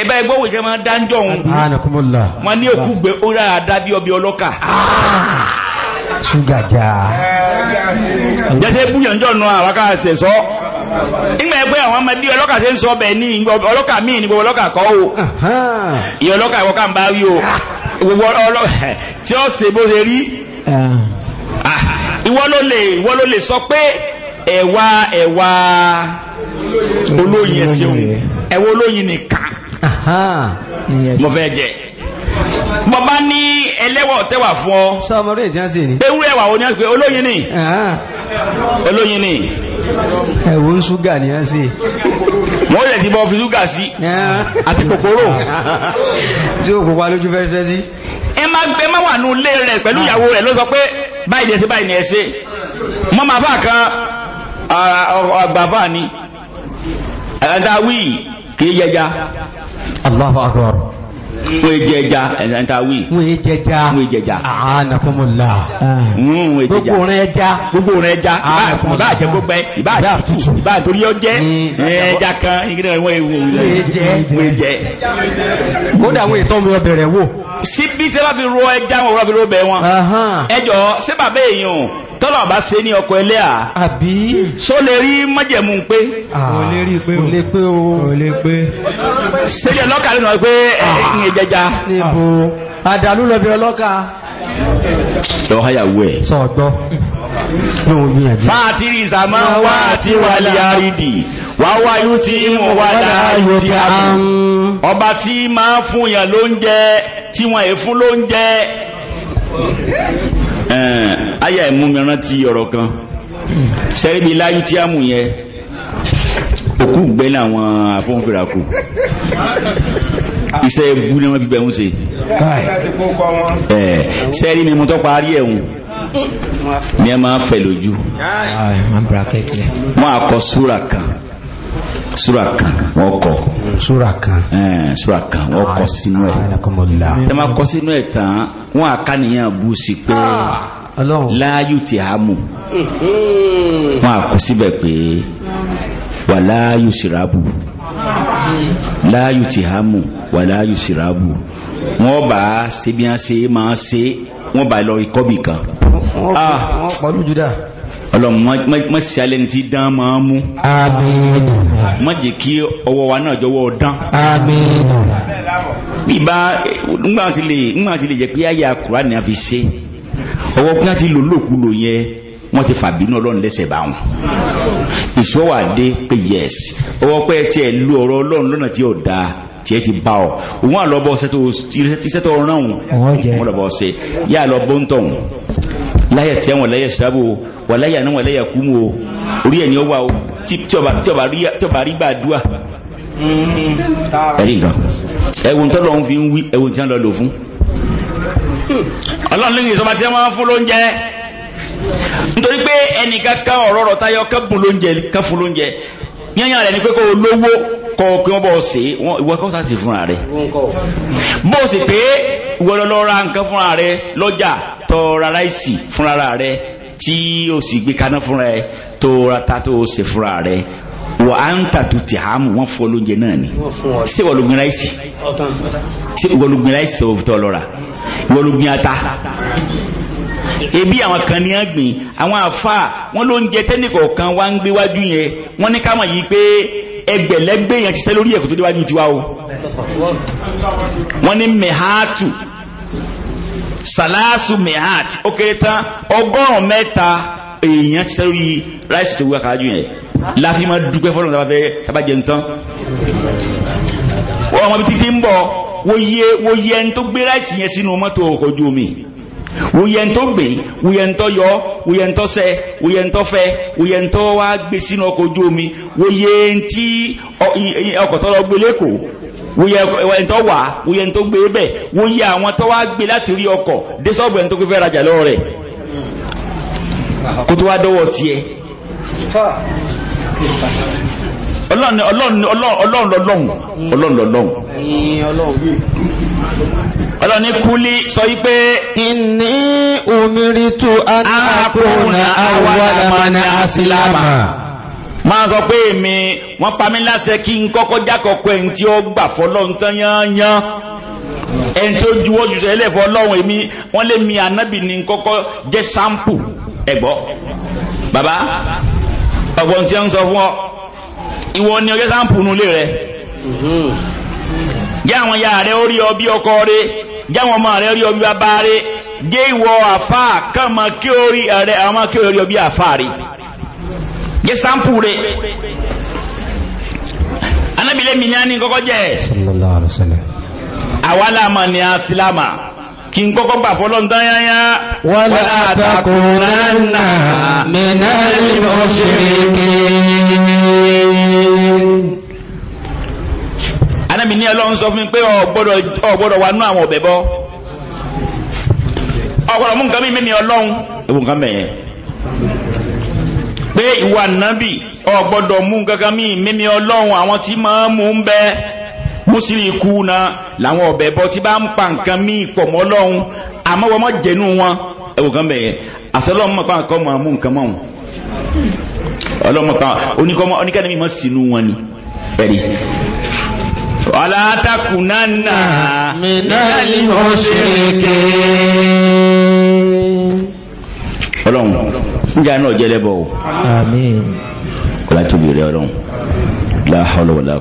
ẹgbẹ́ ẹgbẹ́ òwúrẹ́ máa dáńjọ́ wọn ní òkú gbé ó rà dábí ọbẹ̀ ọlọ́kà ah ṣúgàjá jẹ́sẹ̀ búyànjọ́ nù àwákà ṣe sọ nígbà ẹgbẹ́ àwọn ọmọ ẹbí ọlọ́kà ṣe ń sọ ọbẹ̀ ní ọlọ́kà míì ní gbogbo ọlọ́kà kọ́ o ìyẹ ọlọ́kà ìwọ́kà ń bá rí o gbogbo ọlọ́kà tí ó ṣe bó ṣe rí ah, ìwọ ló lè ìwọ ló lè sọ pé ẹ̀wà ẹ̀wà olóyin ẹ̀sìn ẹ̀wà olóyin nìkan mo fẹ́ jẹ́ bọ́ bá ní ẹlẹ́wọ̀ tẹ́wà fún ọ sọmọdé ìtí wọ́n sì ní pé wúrẹ́wà ó ní àti pé olóyin ni olóyin ni ẹ̀wọ̀n ṣúgà ni wọ́n sì wọ́n lè ti bọ́ fi ṣúgà sí àti kòkòrò tí ó pupa lójú fẹ́rẹ́fẹ́ sí ẹ má gbé má wà nù ilé rẹ̀ pẹ̀lú ìyàwó rẹ̀ ló sọ pé báyìí ni báyìí ni ẹ ṣe máa fà kan àgbàfà ni ẹ̀ẹ́dáwì kì í yẹja Allahu Akbar wọ́n è jẹja ẹ̀ntàwí wọ́n è jẹja wọ́n è jẹja àánàkọ́mọ̀lá wọ́n è jẹja gbogbo rẹ̀ ẹja gbogbo rẹ̀ ẹja ìbá jẹ gbogbo ẹ ìbá tutù ìbá torí ó jẹ ẹja kan ìgbìnrin wọ́n è jẹ kódà wọ́n ètò ọmọ ọbẹ̀ rẹ̀ wò síbi tí wọ́n fi ro ẹja wọn wọ́n fi ro bẹ̀ wọn ẹjọ́ sí bàbá èèyàn tọ́lọ̀ bá ní ọkọ̀ ẹlẹ́ à àbí ṣó lè rí pé lè rí pé o lè pé o lè pé ṣéjẹ̀ nínú pé eh, ẹ̀yìn ìjẹja níbo àdàlú lọ́bẹ̀ ọlọ́kà lọ ẹ̀ sọ̀gbọ́ wá àti wà àrídì wà tí mo wà ọba tí máa fún yàn lóúnjẹ tí fún lóúnjẹ àyà eh, ẹ̀mú mi rántí ọ̀rọ̀ kan sẹ́ríbi láyú tí a mú yẹn òkú gbẹ́ làwọn afọ́nfẹ́ra kù iṣẹ́ ebú ni wọ́n bíbẹ̀ ń ṣe sẹ́rí eh, mi mú tọ́ parí ẹ̀hún ni ẹ máa fẹ̀ lójú wọ́n àkọ súra kan súra kan wọ́n kọ. súra kan. súra kan wọ́n kọ sínú ẹ̀. tẹ́lẹ̀ máa kọ sínú ẹ̀ tán wọ́n á ká nìyẹn bú sí pé láàyù ti há mù. wọ́n á kọ síbẹ̀ pé wà láàyù sírabù láàyù ti há wà láàyù sírabù wọ́n bá ṣe bí wọ́n ṣe bá lọ ikọ́ kan. wọ́n ah. pọ̀ lójú dáa ọlọ́run mọ́ sí alẹ́ ní ti dán máa mú mọ́ jẹ́ kí ọwọ́ wa náà jọwọ́ dán bíbá ńgbà tí lè ńgbà tí lè jẹ́ pé àyà kura ni a fi ṣe ọwọ́ pé wọ́n ti lò lòkulò yẹn wọ́n ti fà bínú ọlọ́run lẹ́sẹ̀ bá wọn ìṣọ́wàdé pé yes ọwọ́ pé tiẹ̀ lu ọ̀rọ̀ ọlọ́run lọ́nà tí ò dáa tí ẹ ti bá ọ òun àlọ́bọ̀ ṣètò ìṣẹ́tọ̀ ọ̀ràn òun wọ́n lọ́bọ̀ ṣe yá àlọ́bọ̀ láyà tí àwọn láyà ṣàbò wà láyà náà wà láyà kú mu o orí ẹ̀ ni ó wà o tí ọba rí gbà dúà ẹ̀rí nǹkan ẹ̀wùn tọ́lọ̀ ń fi ń wí ẹ̀wùn tí wọ́n lọ lò fún ọlọ́run lẹ́yìn ìsọba tí wọ́n fún lóúnjẹ nítorí pé ẹnìkan kan ọ̀rọ̀ ọ̀rọ̀ táyọ kan bùn lóúnjẹ kan fún lóúnjẹ yányàn rẹ̀ ni pé kó o lówó kọ́ ọ pé wọ́n bọ̀ ọ̀ sí ìwọ kọ́ ta sì fúnra rẹ̀ bó o sì pé ìwọ́lọ́lọ́ ra nǹkan fúnra rẹ lọ́jà tó ra ráìsì fúnra rẹ tí o sì gbé kaná fúnra rẹ tó ra ta tó ṣe fúnra rẹ wà á ń tàtú tì á wọn fún olóúnjẹ náà ni ṣé wọ́n ló gbin ráìsì ṣé wọ́n ló gbin ráìsì tó tọ́ lọ́ra wọ́n ló gbin ata ebi àwọn kan ní àgbìn àwọn àfa wọn ló ń jẹ tẹnìkọ̀ọ̀kan wá ń gbé wájú yẹn wọn ní ká mọ̀ yìí pé ẹgbẹ̀lẹ́gbẹ̀ yẹn ti sẹ́ lórí ẹ̀kọ́ tó déwájú tiwa o wọ́n ní mehatu salasu mehat ó kéré tán ọgọ́rùn-ún mẹ́ta èèyàn ti sẹ́ lórí ráìsì tó wúwa káájú yẹn láfi máa dúpẹ́ fọ́lọ́n tó bá fẹ́ tábà jẹun wọ́n ọmọ bíi títí ń bọ̀ wọ́n yẹ ẹni tó gbé ráìsì yẹn sínú mọ́tò ọkọ̀ ojú omi wuyẹntọ gbé wuyẹntọ yọ wuyẹntọ sẹ wuyẹntọ fẹ wuyẹntọ wa gbé sínú ọkọ̀ ojú omi wuyẹntì ọkọtọlọ gbélé kò wuyẹntọ wà wuyẹntọ gbé bẹ wuyẹ àwọn tọ wa gbé láti rí ọkọ̀ desọbù yẹntọ gbé fẹ́ rajà lọ rẹ̀ kótó wa dọ́wọ́ tiẹ̀ ọlọ́run ọlọ́run ọlọ́run ọlọ́run ọlọ́run ọlọ́run ọlọ́run ní kúlí sọ wípé inni umiritu an akuna awwala man aslama máa sọ pé èmi wọ́n pa mí láṣẹ kí n kọ́kọ́ jákọ̀ọ́kọ́ ẹni tí ó gbà fọlọ́run tán yányán ẹni tí ó juwọ́ ju ẹlẹ́fọ́ ọlọ́run èmi wọ́n lé mi ànábì ní kọ́kọ́ jẹ́ sáǹpù ẹ̀gbọ́ bàbá ọ̀gbọ́n tí ń sọ fún ọ ìwọ ni ọjọ́ sáǹpù nulẹ̀ rẹ mhm jẹ́ ya rẹ̀ orí ọ bí ọkọ rẹ̀ jẹ́ àwọn ọmọ rẹ̀ orí ọ bí bàbá rẹ̀ jẹ́ ìwọ àfa kàmọ kí orí rẹ̀ àwọn kí orí ọ bí àfa rẹ̀ jẹ́ sáǹpù rẹ̀ anábìlẹ̀ mi ní á ní kọ́kọ́ jẹ́ sallallahu alaihi ni a sílámà kí n kọ́kọ́ gbà fọ́lọ́n dáyáyá wala takunanna minal mushrikin mi ní ọlọ́run sọ fún mi pé ọ̀gbọ́dọ̀ wà nú àwọn ọ̀bẹ̀ bọ́ ọ̀gbọ́dọ̀ mú nǹkan mímí ní ọlọ́run ewu nǹkan mẹ̀yẹn pé ìwà nábì ọ̀gbọ́dọ̀ mú nǹkan mímí ọlọ́run àwọn tí máa ń mú ń bẹ́ẹ̀ mùsùlùkù na làwọn ọbẹ̀ bọ́ tí bá ń pa nǹkan mí pọ̀ mọ́ lọ́hún àmọ́ wọ́n mọ́ jẹnu wọn ẹ̀wọ̀n kan bẹ̀yẹ àsọlọ́mọ mọ̀ pàǹkà nǹkan mọ́ Ọlá takùnánà mìírànlì ọ̀ṣẹ́kẹ́. Ọlọ́run, ń jẹ́ o. Àmín. rẹ̀ ọlọ́run. ndị hawla wala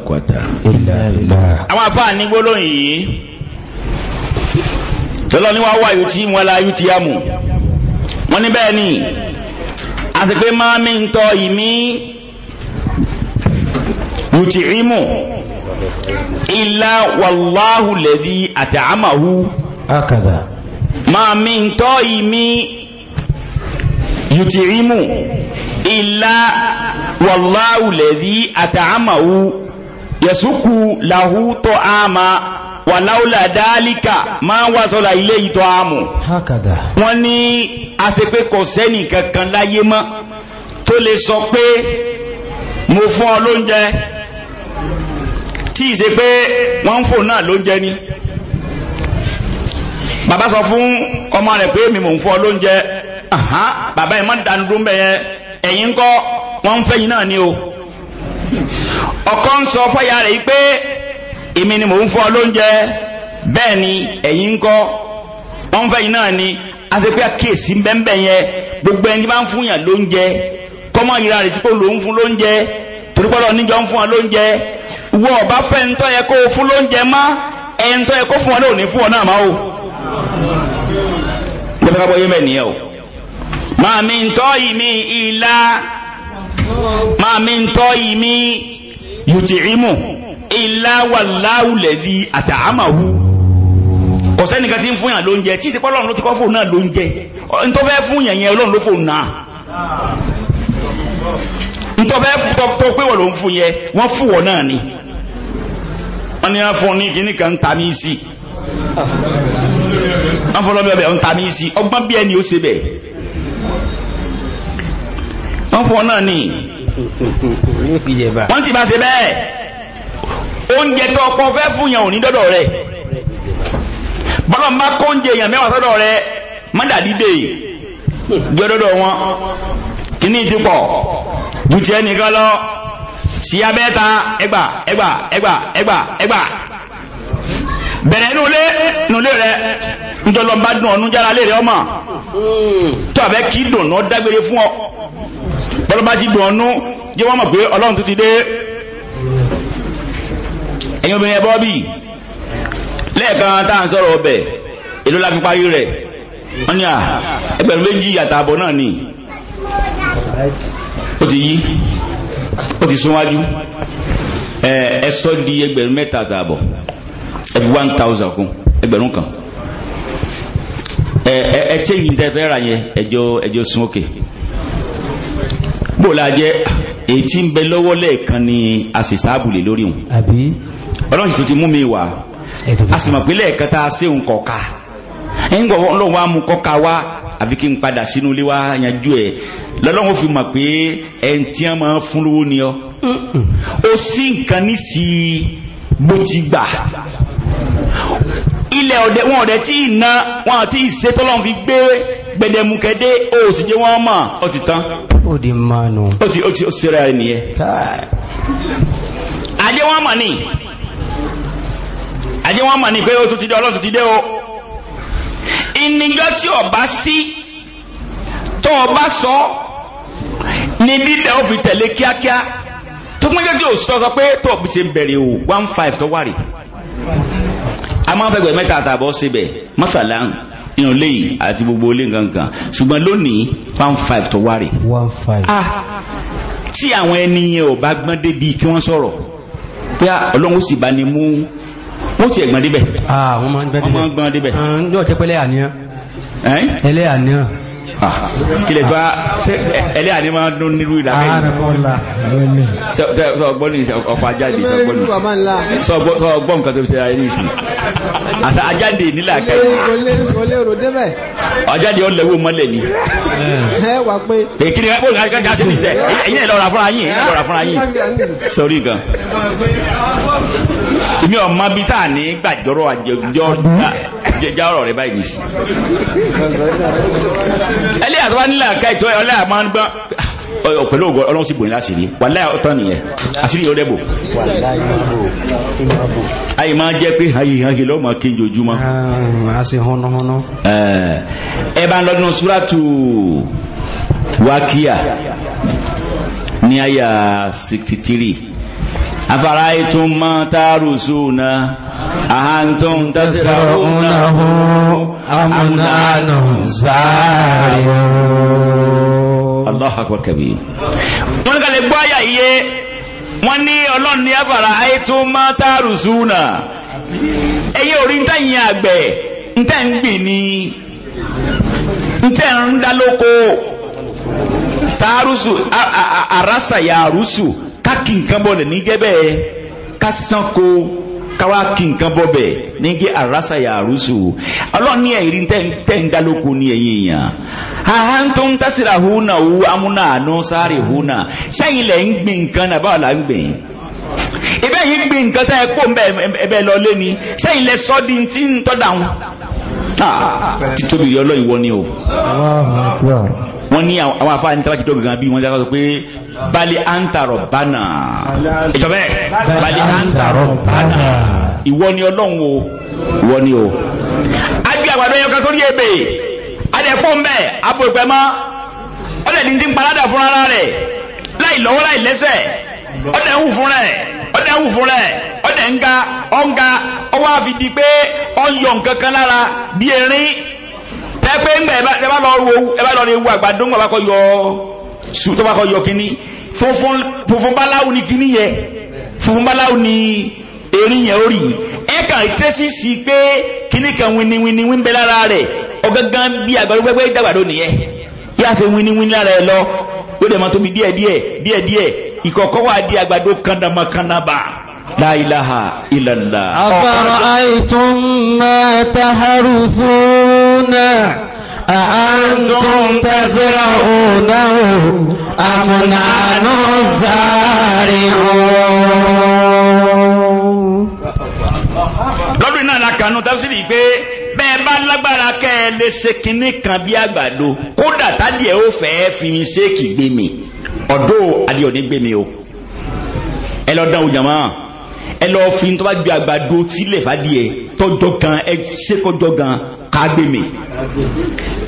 Àwọn afáà ní gbólóhùn yìí. Tọ́lọ́ ní wá wá tí wọ́n la yóò ti yá mu. Wọ́n ní bẹ́ẹ̀ ni, àti pé máa mi ń tọ́ ìmí. yuti'imu illa wallahu ladhi at'amahu akada ma min ta'imi yuti'imu illa wallahu ladhi at'amahu yasuku lahu to ama wàláúlà dálíkà máa ń wá sọ́lá ilé ìtọ́ àmù wọ́n ní àṣepé kò sẹ́nì kankan láyé mọ́ tó lè sọ pé mo fún ọ tí ì ṣe pé wọ́n ń fò náà ló ń jẹ ní bàbá sọ fún ọmọ rẹ̀ pé mi mò ń fọ lóúnjẹ bàbá yìí má dànù dúró mbẹ̀yẹ ẹ̀yìn kọ́ wọ́n ń fẹ́ náà ni o ọkọ ń sọ fọyà rẹ̀ pé èmi ni mò ń fọ lóúnjẹ bẹ́ẹ̀ ni ẹ̀yìn kọ́ wọ́n ń fẹ́ yìí náà ni àtẹ̀pẹ́ àkíyèsí bẹ́ẹ̀ yẹn gbogbo ẹni bá ń fún yàn lóúnjẹ kọ́mọ ìra rẹ̀ sí pé ló ń fún lóúnjẹ torípọ́lọ́ níjọ ń fún wa lóúnjẹ wọ ọba fẹ́ ń tọ́ yẹ kó o fún lóúnjẹ má ẹn tọ́ yẹ kó fún ọ náà ò ní fún ọ náà má o lọ́pẹ́ ká bọ́ yé mẹ́ni yẹn o máa mi ń tọ́ ìmí ìlà máa mi ń tọ́ ìmí yòtì ìmù ìlà wà láwùlẹ̀dí àtàámàwù kò sẹ́nìkan tí ń fún yàn lóúnjẹ tí ìsìnkú ọlọ́run ló ti kọ́ fóun náà lóúnjẹ ń tó fẹ́ fún yàn yẹn ọlọ́run ló fóun náà ntọ́fẹ́ tọ́ pé wọ́n ló ń fún yẹ wọ́n fún wọ́n náà ni wọ́n ní wọ́n fún ní kíní kan ta mí sí wọ́n fún ń ta mí sí ọgbọ́n bí ẹni ó ṣe bẹ̀ wọ́n fún wọn náà ni wọ́n ti bá ṣe bẹ́ẹ̀ oúnjẹ tó ọkọ fẹ́ fún yàn ò ní dọ́dọ̀ rẹ̀ bọ́lá ń bá kóúnjẹ yàn mẹ́wàá sọ́dọ̀ rẹ̀ mọ́dà dídè gbẹ́dọ́dọ̀ wọn kíní ti pọ̀ ju tiẹ̀ nìkan lọ sí abẹ́ta ẹgbà ẹgbà ẹgbà ẹgbà ẹgbà bẹ̀rẹ̀ nulé nulé rẹ ntọ́lọ́ba dùn ọ̀nù jára lé rẹ ọmọ tó a bẹ kí dùn náà dágbére fún ọ bọ́lọ́ba ti dùn ọ̀nù jẹ́ wọ́n mọ̀ pé ọlọ́run tó ti dé ẹ̀yin obìnrin ẹ̀bọ́ bì lẹ́ẹ̀kan tá à ń sọ̀rọ̀ ọbẹ̀ èló la parí rẹ̀ wọ́n ní à ẹgbẹ̀rún méjì àtààbọ̀ náà ni. ó ti yí ó ti súnwájú ẹ sọ di ẹgbẹ̀rún mẹ́ta àtààbọ̀ ẹbí one thousand kún ẹgbẹ̀rún kan ẹ ẹ tíyìn tẹ fẹ́ ra yẹn ẹjọ ẹjọ sún òkè bó la jẹ èyí tí ń bẹ lọ́wọ́ lẹ́ẹ̀kan ni àṣìṣàbùlé lórí ọlọ́run ti mú mi wá a sì mọ̀ pé lẹ́ẹ̀kan tá a kọ̀ọ̀ka ẹ̀yìn wa àfi kí n padà sínú ilé wa yanjú ẹ̀ lọ́lọ́run fi mọ̀ pé ẹn máa ń fún ni ọ́ ó sì nǹkan nísì bó ti gbà ilẹ̀ ọ̀dẹ wọn ọ̀dẹ tí ì na wọn àti ìṣe tọ́lọ́run fi gbé gbẹdẹmukẹdẹ ó sì jẹ́ wọ́n mọ̀ ó ti tán ó di mánu ó ti ó ti sẹ́ra ẹ̀ nìyẹn ajé wọn mọ̀ ni ajé wọn mọ̀ ni pé ó tún ti dé ọlọ́run ti dé o ìníjọ́ tí ọba sí tó ọba sọ ní dídá ó fi tẹ̀lé kíákíá tó pín gẹ́gẹ́ òṣìṣẹ́ sọ pé tó ọ̀bí ṣe ń bẹ̀rẹ̀ o one five tó wárì a máa fẹ́ gbẹ̀ mẹ́ta àtàbọ̀ síbẹ̀ mọ́sàlá inú léyìí àti gbogbo olé nǹkan ṣùgbọ́n lónìí one five tó wárì one five ah tí àwọn ẹni yẹn ò bá gbọ́n débi kí wọ́n sọ̀rọ̀ pé ah, ọlọ́run sì bá ní mú wọ́n ti ẹ̀gbọ́n débẹ̀. Ah, wọ́n máa ń gbọ́n débẹ̀. yóò ah, jẹ́ pẹ́lẹ́ àníyàn. ẹlẹ́ àníyàn. Ah. kílẹ̀ bá ẹlẹ́ àní máa dún nílùú ìlànà sọgbọ́n ní ọkọ̀ ajáde sọgbọ́n ní sọgbọ́n nǹkan tó fi ṣe ayé ní ìsìn àṣà ajáde nílà kẹ́ ajáde ó lẹ́wọ́ mọ́lẹ̀ ni èkìní ẹ̀pọ̀ kájá sí nìṣẹ́ ẹ̀yìn ẹ̀ lọ́ra fúnra yín ẹ̀ lọ́ra fúnra yín sọrí gan mi ò mọ bí tá à ní gbàjọ́rọ̀ àjẹjọ́ jẹ já ọ̀rọ̀ rẹ báyìí nìsí. ẹlẹ́yà tó bá nílẹ̀ àká ìtọ́ ẹ̀ máa ń gbọ́n pẹ̀lú ògo ọlọ́run sì bò ní láṣìírí wàláyà ọ̀tán nìyẹn àṣírí yóò dẹ́bò. àyè máa jẹ́ pé àyè hàn yìí lọ́mọ kí n jojúmọ́. a ṣe hànáhàná. ẹ bá ń lọ́dún súrátù wákíà ní àyà sixty three. Afọrọ anyị tụma taarụ zuụna, ahantu nta sịrị na ọ na hụ, amụ na anụ saa ahụhụ. iye, nwanne alonu nye afọrọ anyị tụma taarụ zuụna, eyi ori nta nyi agbe, nta mgbịnị, nta ndaloko, taarụ zu, arasa ya arụsụ. ká kí nǹkan bọ̀ lẹ̀ ní jẹ́ bẹ́ẹ̀ ká sanko káwá kí nǹkan bọ̀ bẹ̀ ní jẹ́ àrásà yà àrùsù ọlọ́run ní ẹ̀rí tẹ́ ń dálóko ní ẹ̀yìn èèyàn àhán tó ń tásìrà húnà wú amúnà àánú sáré húnà sẹ́yìn lẹ̀ ń gbìn nǹkan náà báwo là ń gbìn ibẹ̀ yìí gbìn nǹkan tẹ́ ẹ kó ẹbẹ̀ lọ lé ni sẹ́yìn lẹ sọ́ di ti ń tọ́ dàrún ah, títóbi yọlọ́ ìwọ ni o. wọ́n ní àwọn afáàní tábàkì tó gàgán bí wọ́n dákọ̀ sọ pé bali antarọ̀ bánà ìjọba bali antarọ̀ bánà ìwọ ni ọlọ́run o ìwọ ni o. ájú àgbàdo yẹn kan sórí ebè adẹ̀pọ̀ ń bẹ̀ abo ìpẹ́ mọ́ ọ̀dẹ̀ ní ti ń parádà fún ara rẹ̀ láì lọ́wọ́ láì lẹ́sẹ̀ ọ̀dẹ̀ ń hù fún rẹ̀ ọ̀dẹ̀ ń fún rẹ̀ ọ̀dẹ̀ ń ga ọ̀ ń ga ọwọ́ àfi di pé ọ̀ ń yọ nǹkan kan lára bí erin tẹ́pẹ́ ńgbà ẹ bá lọ wo ẹ bá lọ rí ewu àgbàdo ńgbà bá kọ yọ su tó bá kọ yọ kínní funfun funfun báláwo ni kínní yẹ funfun báláwo ni erin yẹn ó rì ẹ kàn tẹ́sí sí pé kínní kan winiwini wí ń bẹ lára rẹ̀ ọ̀gángan bí àgbàdo gbẹgbẹ́ ìdàgbàdo nìyẹn yíyá ṣe winiwini lára ẹ lọ yóò dẹ̀ máa tóbi díẹ̀ díẹ̀ díẹ̀ díẹ̀ ìkọ̀kọ́ wà di àgbàdo kàndàmọ́kàndàbà la ilaha illallah. afara aitum ma taharusun. تزرعونه أأنتم تزرعونه أم نحن الزارعون lọ́dún iná lákàánú tafsiri pé bẹ́ẹ̀ bá lágbára kẹ́ ẹ lè ṣe kinní kan bí àgbàdo kódà tádìẹ ó fẹ́ fi mi ṣéèkì gbé mi ọ̀dọ́ adìẹ ò ní gbé mi o ẹ lọ dán jàmọ́ ẹ lọ fi tó bá ju àgbàdo sílẹ̀ fàdíẹ tọjọ gan ẹ ṣe kọjọ gan kágbèmè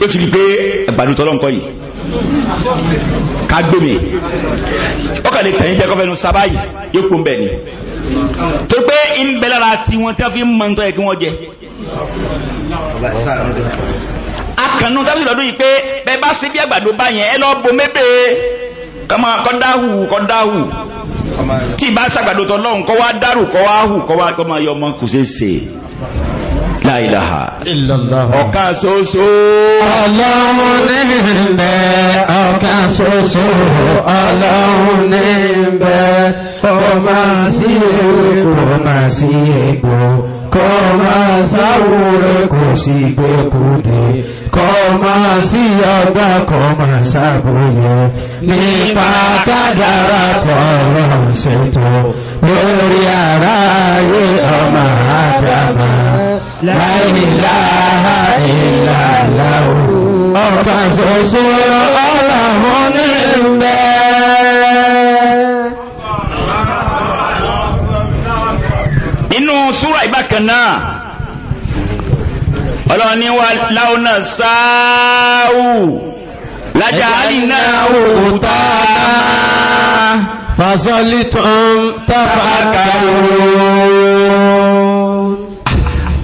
ó ti rí pé àgbàdo tọ́lọ́ nǹkan yìí kágbèmè ọkàn lè tẹ̀yìn jẹ́ kọ́fẹ́nu sábà yìí yóò kó ń bẹ̀ ni tó pé ń bẹ lára tiwọn tí wọ́n fi ń mọ nítorí kí wọ́n jẹ akànnù tábìlì lọ́dún yìí pé bẹ́ẹ̀ bá ṣe bí àgbàdo bá yẹn ẹ lọ bo mébè kọ́dáhù kọ́dáhù tí ìbá sàgbàdo tọ lọ́hùn kọ́ wá dárò kọ́ wá hù kọ́ wá kọ́ máa yọ ọmọ kò ṣe é ṣe láìláha ọ̀ká ṣoṣo ọlọ́run níbẹ̀ ọ̀ká ṣoṣo ọlọ́run níbẹ̀ kò máa sí èkó máa sí èkó kọ́ máa sáwò rẹ̀ kò sí gbé kúdé kọ́ máa sí ọgbà kọ́ máa sábòyẹ nípa kádàrà tọrọ ṣètò lórí ara ayé ọmọ àdàmà láìláha ìlàláwò ọba ṣoṣo ní bẹ́ẹ̀. bákan náà ọlọ́run ní wa láwùnà sáàwù lájà àrínà òkúta fasọ́lì tó ń tàbákà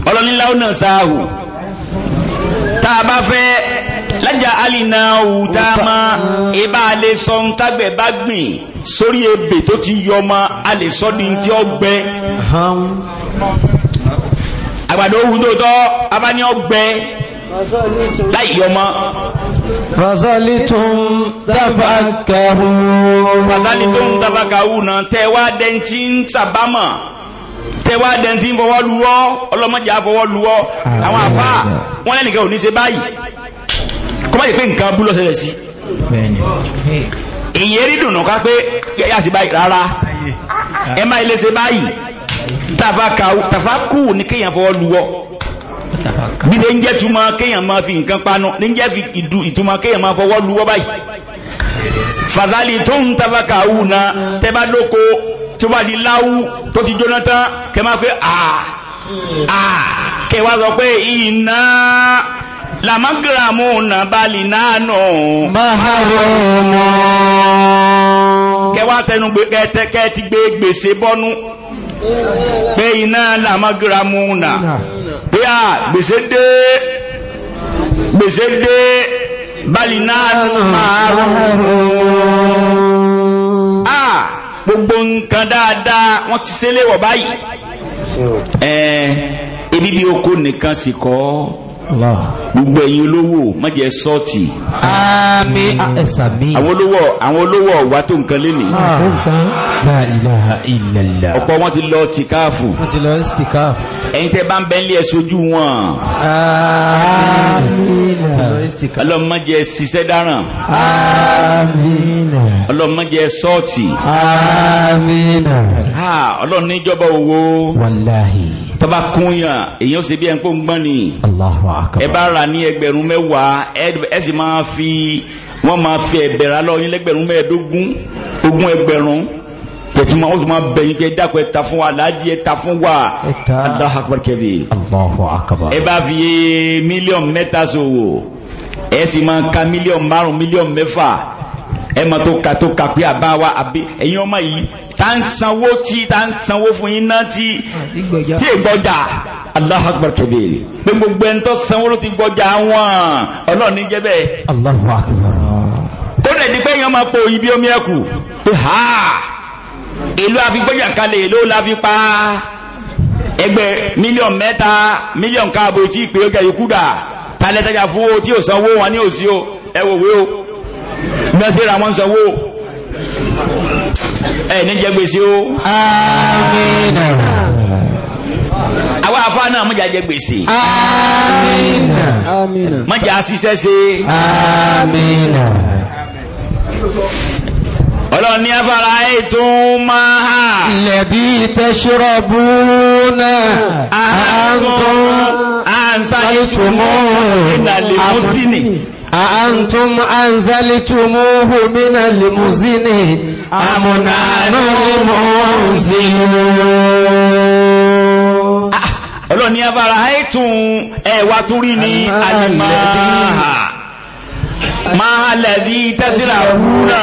ọlọ́run ní láwùnà sáàwù tá a bá fẹ́ lájà àrínà òkúta ma ibà lè sọ ń tágbẹ̀ bá gbìn sórí ebè tó ti yọ ọmọ a lè sọ́ àgbàdo owó tó tọ́ abáni ọgbẹ láì yọmọ. fasọ́lì tó ń tàbákàwù. fasọ́lì tó ń tàbákàwù náà tẹ́ wá dẹ́ntì ń sàbámọ̀ tẹ́ wá dẹ́ntì ń fọwọ́ luwọ́ ọlọ́mọdé á fọwọ́ luwọ́ àwọn àfa wọn lẹ́nìkan ò ní ṣe báyìí kọ́mọ́ yìí pé nǹkan bú lọ́sẹ̀lẹ̀ sí ìyẹn rí dùnú ká pé yá sí báyìí rárá ẹ má ilé ṣe báyìí tàfákù ní kéèyàn fọwọ́ luwọ́ bí lè ń jẹ́ túmọ̀ kéèyàn máa fi nǹkan panu ní ń jẹ́ ìtumọ̀ kéèyàn máa fọwọ́ luwọ́ báyìí fàdálì tó ń tàfákàwù náà tẹ́bá lóko tó bá di láwù tó ti jóná tán kẹ́ máa pé àà àà kẹ́ wá sọ pé iná làmágìràmù nàbàlì náà nù. máhàrún mọ́. kẹ́ tẹnu kẹ́ ti gbé gbèsè bọ́nú. pé iná làmọ́gíramù nà pé à gbèsè dé gbèsè dé bali náà máa rọrùn à gbogbo nǹkan dáadáa wọ́n ti ṣe léwọ̀ báyìí ẹ̀ẹ́ ebi bí oko nìkan sì kọ́ ọ́. gbogbo ẹ̀yin olówó má jẹ́ sọ́ọ̀tì àmín ah, àwọn olówó àwọn olówó wà tó nǹkan lénìí ah, ọ̀pọ̀ wọn ti lọ tìkáàfù ẹ̀yin tẹ́ bá ń bẹ́ nílé ẹ̀ṣojú wọn ọlọ́run má jẹ́ ṣiṣẹ́ dáràn ọlọ́run má jẹ́ sọ́ọ̀tì ọlọ́run níjọba owó tọ́ba kúnyà èyí ó ṣe bí ẹ̀ ń kó ń gbọ́n ni. Ah, ẹ bá ra ní ẹgbẹ̀rún mẹ́wàá ẹ sì máa fi wọ́n máa fi ẹ̀bẹ̀rẹ̀ alọ́yin lẹ́gbẹ̀rún mẹ́ẹ̀ẹ́dógún ogún ẹgbẹ̀rún pẹ̀tù máa wọ́n máa bẹ̀yìn pé dákọ̀ ẹ̀ta fún wa láàájí ẹ̀ta fún wa Allahu Akbar kabir ẹ bá fi yé mílíọ̀nù mẹ́ta ṣòwò ẹ sì máa ka mílíọ̀nù márùn-ún mílíọ̀nù mẹ́fà ẹ máa tó ka tó ka pé àbá wa àbí ẹ̀yin ọmọ yìí tá ń sanwó tí tá ń sanwó fún yín náà tí ah, tí ègbọ́jà Allahu Akbar kabiri pé gbogbo ẹni tó sanwó ló ti gbọjà wọn ọlọ́ọ̀ni jẹ́ bẹ́ẹ̀. Allahu Akbar. kó lè di pé èèyàn máa po ibi omi ẹ̀kú pé ha èlò àfigbọ́jà kalẹ̀ èlò la fi pa ẹgbẹ́ mílíọ̀n mẹ́ta mílíọ̀n káàbò tí ìpè ọjà yòókù dà talẹ́tàjà fún owó tí ò sanwó wọn ní òsì o ẹ wò wé o mẹ́sẹ̀ ra wọn sanwó ẹ ní jẹ gbèsè o. Àmín àwa àfa náà mọ̀jà jẹ gbèsè. amina. amina. mọ̀jà ṣiṣẹ́ ṣe. amina. ọlọ́run ní afárá ètò máa hà. lẹ́bí tẹ́sírọ̀ búrúnà. àhántún àǹsáyé tùmọ̀ ìdàlẹ́ mọ́sínì. أأنتم أنزلتموه من المزن أم نحن المنزلون ọlọ́ni afárá àìtún ẹ̀wà tó rí ní alimáhà máa lẹ́dí tẹ́sílà rúnà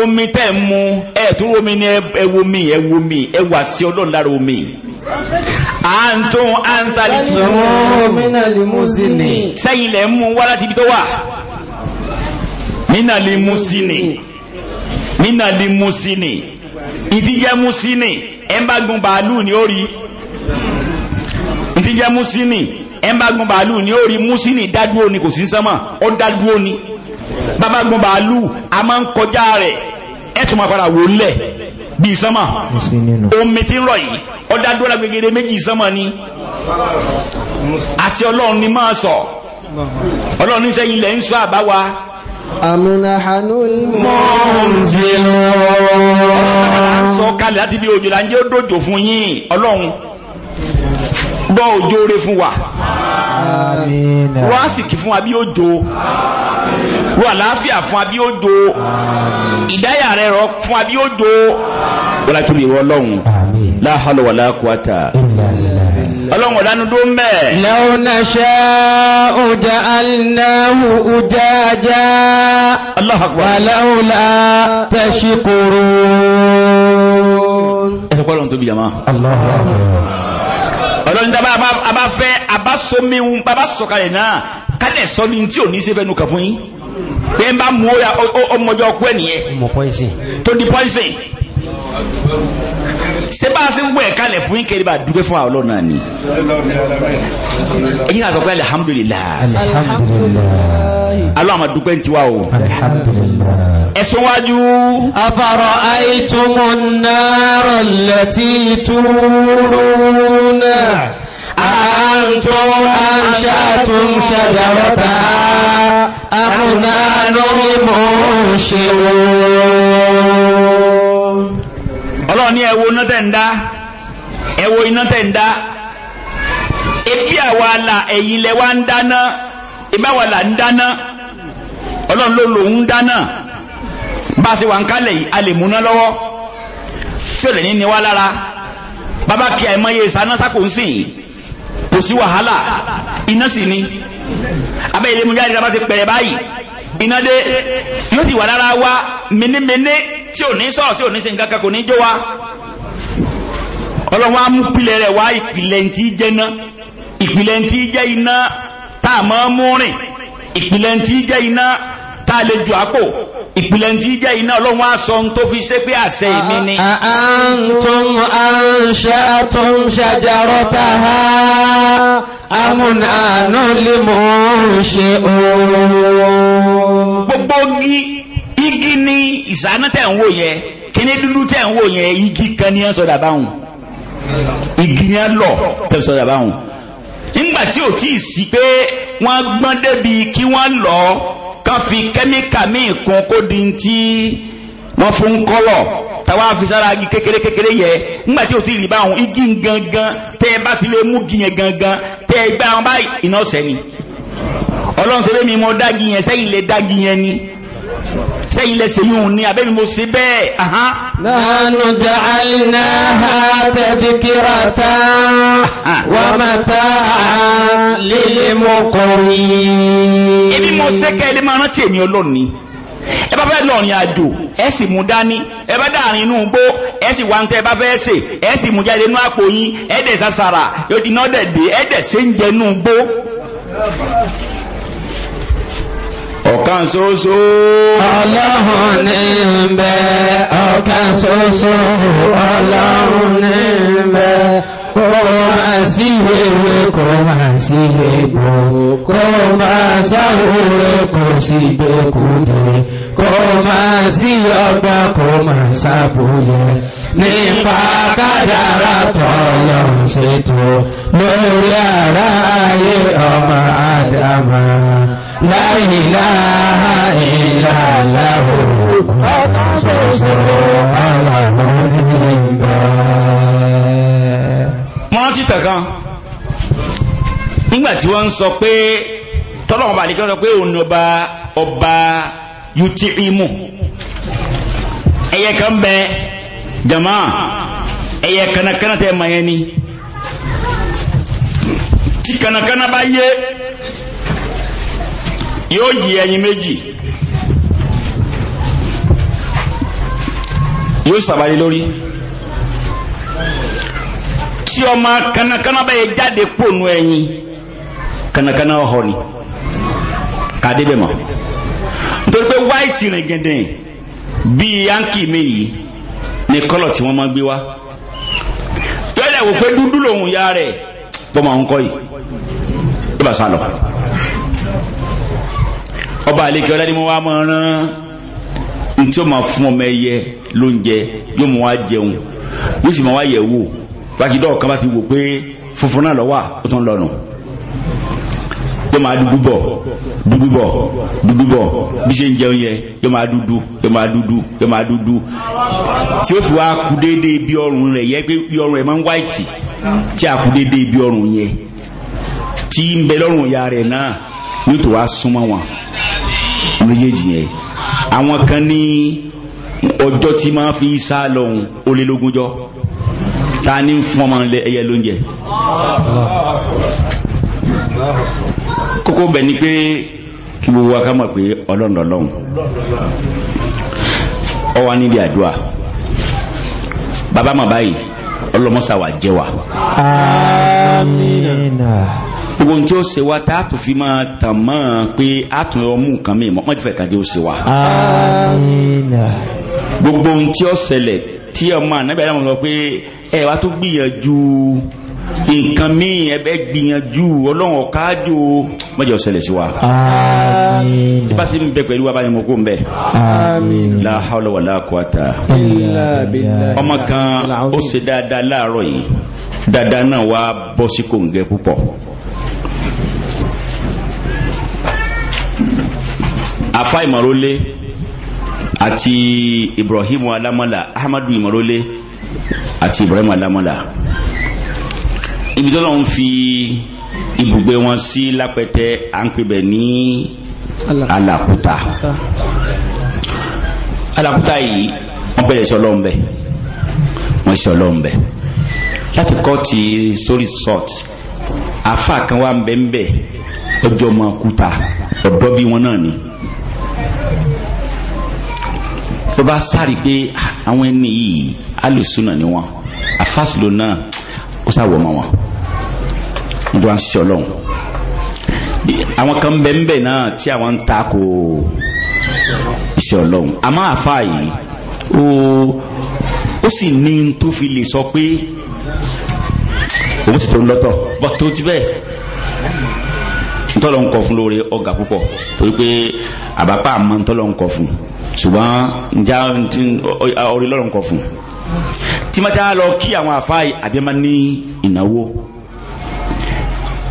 omi tẹ́ mú ẹ̀tún omi ní ẹwomi ẹwomi ẹwà sí ọlọ́run lára omi àǹtún ansali tìrún sẹ́yìn lẹ́ mú wá láti ibi tó wà mínà lè mú sí ni mínà ìdíjẹ́ mú ẹ̀ ń bá gun bàálù ni ó rí ń jẹ́ músínì ẹ ń bá gun bàálù ni ó rí músínì ni kò sí sánmọ̀ ó dádúró ni bàbá gun bàálù a máa ń kọjá rẹ̀ ẹ tún máa padà wò lẹ̀ bí sánmọ̀ omi tí ń rọ̀ yìí ó dádúró la gbẹgẹdẹ méjì sánmọ̀ ni àṣẹ ọlọ́run ni máa sọ ọlọ́run ní sẹ́yìn ilẹ̀ ń sọ àbáwa àmìnàhánúl mọ́ọ̀nzìlọ́ sọ kalẹ̀ láti bí òjò ń jẹ́ ó dòjò fún yín ọlọ́run bọ́ òjò rẹ fún wa wọ́n á sì kí fún wa bí òjò wọ́n àlàáfíà fún wa bí òjò ìdáyà rẹ rọ fún wa wọ́n láti lè rọ ọlọ́run láhàlù wà láàkúwátà ọlọ́run ọ̀dánú dó mẹ́ law nasha'u ja'alnahu ujaja Allahu akbar walaula tashkurun ẹ̀sọ́kọ́ ọlọ́run tó bí jama ọlọ́run tí a bá fẹ́ a bá so náà kálẹ̀ sọ ni tí ò ní ṣe fẹ́nu kàn fún yín pé n bá mú ọmọdé ọkọ ẹ̀ nìyẹn tó di poison ṣé bá a ṣe ń wẹ̀ kalẹ̀ fún yín kẹ́lẹ́ bá dúpẹ́ fún àwọn ọlọ́run náà ni. ẹ̀yin àgbàgbọ́ alihamudulilaa alọ́ àmà dúpẹ́ ń tiwa o. ẹ̀sùn wájú. afárọ̀ àìtúmọ̀ náírà lẹ́tí túrú náà. أأنتم أنشأتم شجرتها أم نحن المنشئون ọlọ́run ní ẹwo iná tẹ̀ ń dá ẹwo iná tẹ̀ ń dá ebi àwa la ẹ̀yin lẹ wa ń dáná ebi àwa la ń dáná ọlọ́run ló lòun dáná bá a ṣe wà ń kálẹ̀ yìí a lè múná lọ́wọ́ tí ò lè ní ni wá lára bàbá kí àìmọye ìsáná sákò ń sìn yìí kò sí wàhálà iná sì ni abẹ́ ilé mu jáde tá a bá ti pẹ̀rẹ̀ báyìí iná dé yóò ti wà lára wa mẹ́nẹ́mẹ́nẹ́ tí ò ní sọ̀rọ̀ tí ò ní ṣe nǹkan kò ní jó wa ọlọ́wọ́ á mú pilẹ̀ rẹ̀ wá ìpìlẹ̀ ntí jẹ́ iná ìpìlẹ̀ ntí jẹ́ iná tá a máa mú rìn ìpìlẹ̀ ntí jẹ́ iná tá a lè ju àpò ìpìlẹ̀ tí jẹ́ iná ọlọ́run wá sọ tó fi ṣe pé àṣẹ ìmí ni àántún àṣàtún ṣàjàrọ́ta ha amúnàánú lè mọ́ ṣe ooo gbogbo igi igi ni ìsáná tẹ̀ ń wò yẹn kíní dúdú tẹ̀ ń wò yẹn igi kan ní ẹ̀ sọ̀dà báhùn igi ni ẹ̀ lọ tẹ̀ sọ̀dà báhùn nígbà tí ò tí ì sí pé wọ́n gbọ́n débi kí wọ́n lọ kán fi kẹ́míkà míì kún kó di ti wọ́n fún kọ́lọ̀ tàwa fi sára igi kékeré kékeré yẹ nígbà tí ò tí rí báwọn igi gangan tẹ́ ẹ bá ti lè mú gi yẹn gangan tẹ́ ẹ gbá wọn báyìí iná ọ̀sẹ̀ ni ọlọ́run ṣe bẹ́ẹ̀ mi mọ dági yẹn sẹ́yìn lè dági yẹn ni sẹ́yìn lẹ́sẹ̀ yóò ní abẹ́mi mo ṣe bẹ́ẹ̀ ahán. nahnu ja'alnaha tadhkiratan wa mata'an lil muqwin. ebi mo ṣe kẹ́ ẹ lè máa rántí èmi ọlọ́run ni ẹ bá fẹ́ lọ́rin àjò ẹ sì mú dání ẹ bá dàrin inú igbó ẹ sì wá ń tẹ́ ẹ bá fẹ́ ṣe ẹ sì mú jáde inú àpò yín ẹ dẹ̀ sàṣàrà iná dẹ̀ dé ẹ dẹ̀ ṣe ń jẹ inú igbó ọ̀kan ṣoṣo. ọlọ́run ní ń bẹ ọ̀kan ṣoṣo ọlọ́run ní ń kó máa sí ewé kó máa sí egbò kó máa sáwòrè kó sí gbẹkùdé kó máa sí ọgbà kó máa sábòyẹ nípa kádàrá tọ́lọ̀ ṣètò lórí ara ayé ọmọ àdàmà láìláha ìlàláhù ọ̀tọ̀ ṣoṣo aláwọ̀ nígbà rántí tẹ̀kan nígbàtí wọ́n ń sọ pé tọ́lọ́mọba àdìgbà sọ pé òun ọba ọba yuti imu ẹyẹ kan bẹ jama ẹyẹ kanakana tẹ mayẹ ni tí kanakana bá yé yóò yí ẹyin méjì yóò sàbàlẹ lórí. tí ọmọ kanakana bá yẹ jáde pònú ẹyin kanakana ọhọ ni kàdé bẹ mọ nítorí pé wáìtì rìn gẹdẹ bíi yankee miyi ni kọlọ tí wọn máa gbé wá yọlẹ wò pé dúdú lòun ya rẹ bọmọ àwọn kọ yìí ó bá ọba àlejò ọlá ni wá máa rán ntí ó máa fún ọmọ ẹyẹ lóúnjẹ yóò mú wá jẹun yóò wákìdọ́ kan bá ti wò pé funfun náà lọ wà ó tún lọ́nu yóò máa dúdú bọ̀ dúdú bọ̀ dúdú bọ̀ bí ṣe ń jẹun yẹ yóò máa dúdú yóò máa dúdú yóò máa dúdú tí ó fi wá kú déédéé bí ọrùn rẹ̀ yẹ pé bí ọrùn rẹ̀ máa ń wáìtì tí a kú déédéé bí ọrùn yẹ tí ń bẹ lọ́rùn ìyá rẹ̀ náà yóò tó wá súnmọ́ wọn méjèèjì yẹn àwọn kan ní ọjọ́ tí máa fi sá lọ́hùn ó lé lógúnjọ́. Tani ni fún ọmọ ẹyẹ lóúnjẹ. kókó bẹ̀ ni pé kí gbogbo wa ká mọ̀ pé ọlọ́run lọ́lọ́run ọ wá nídìí àdúrà bàbá mọ̀ báyìí ọlọ́mọ́sà wà jẹ́ wa. amina. gbogbo ohun tí ó wa tá a fi máa tàn mọ́ ọ a tún yọ mú nǹkan mi mọ́ ọ́n ti fẹ́ kájọ́ ó wa. gbogbo ohun tí ó tí ọmọ ànábì Ádámù sọ pé ẹ wá tó gbìyànjú nǹkan míì ẹ bẹ́ gbìyànjú ọlọ́run ọ̀kájò mọ́jọ ṣẹlẹ̀ sí wa tí bá ti ń bẹ pẹ̀lú abáyẹ mọ́kó ń bẹ àmín la hawla wala quwata illa billah ọmọ kan ó ṣe dáadáa láàárọ̀ yìí dáadáa náà wá bọ́ sí kòǹgẹ́ púpọ̀ àfa ìmọ̀ró lé Ati Ibrahimu Alamala Ahmadu Imarole àti Ibrahim Alamala ibi tó lọ́n fi ibùgbé wọn sí lápẹtẹ à ń pè bẹ̀ ní Alakuta Alakuta yìí wọ́n bẹ̀rẹ̀ sọ lọ́n bẹ̀ wọ́n sọ lọ́n bẹ̀ láti kọ́ ti story short àfa kan wà ń bẹ̀ ń bẹ̀ ọjọ́ mọ́ kúta ọ̀dọ́ bí wọn náà ni tó bá sáré pé ah, àwọn ẹni yìí alùsùnà ni wọn àfàsùlò náà ó sáwọ ọmọ wọn wọn tó wá ń ṣiṣẹ́ Ọlọ́run àwọn kan bẹ́ẹ̀nbẹ́ẹ̀ náà tí àwọn ń ta ko iṣẹ́ Ọlọ́run àmọ́ àfa yìí ó sì ní tó fi lè sọ pé òun sì tó ń lọ́tọ̀ bọ́ tó bẹ́ẹ̀ ntọ́lọ́ ń kọ fún lóore ọgà púpọ̀ torí pé àbápá àmọ́ ntọ́lọ́ nkọ fún ṣùgbọ́n njá orí lọ́rọ̀ nkọ fún tímọ́tí á lọ kí àwọn àfa àbíọ́mà ní ìnáwó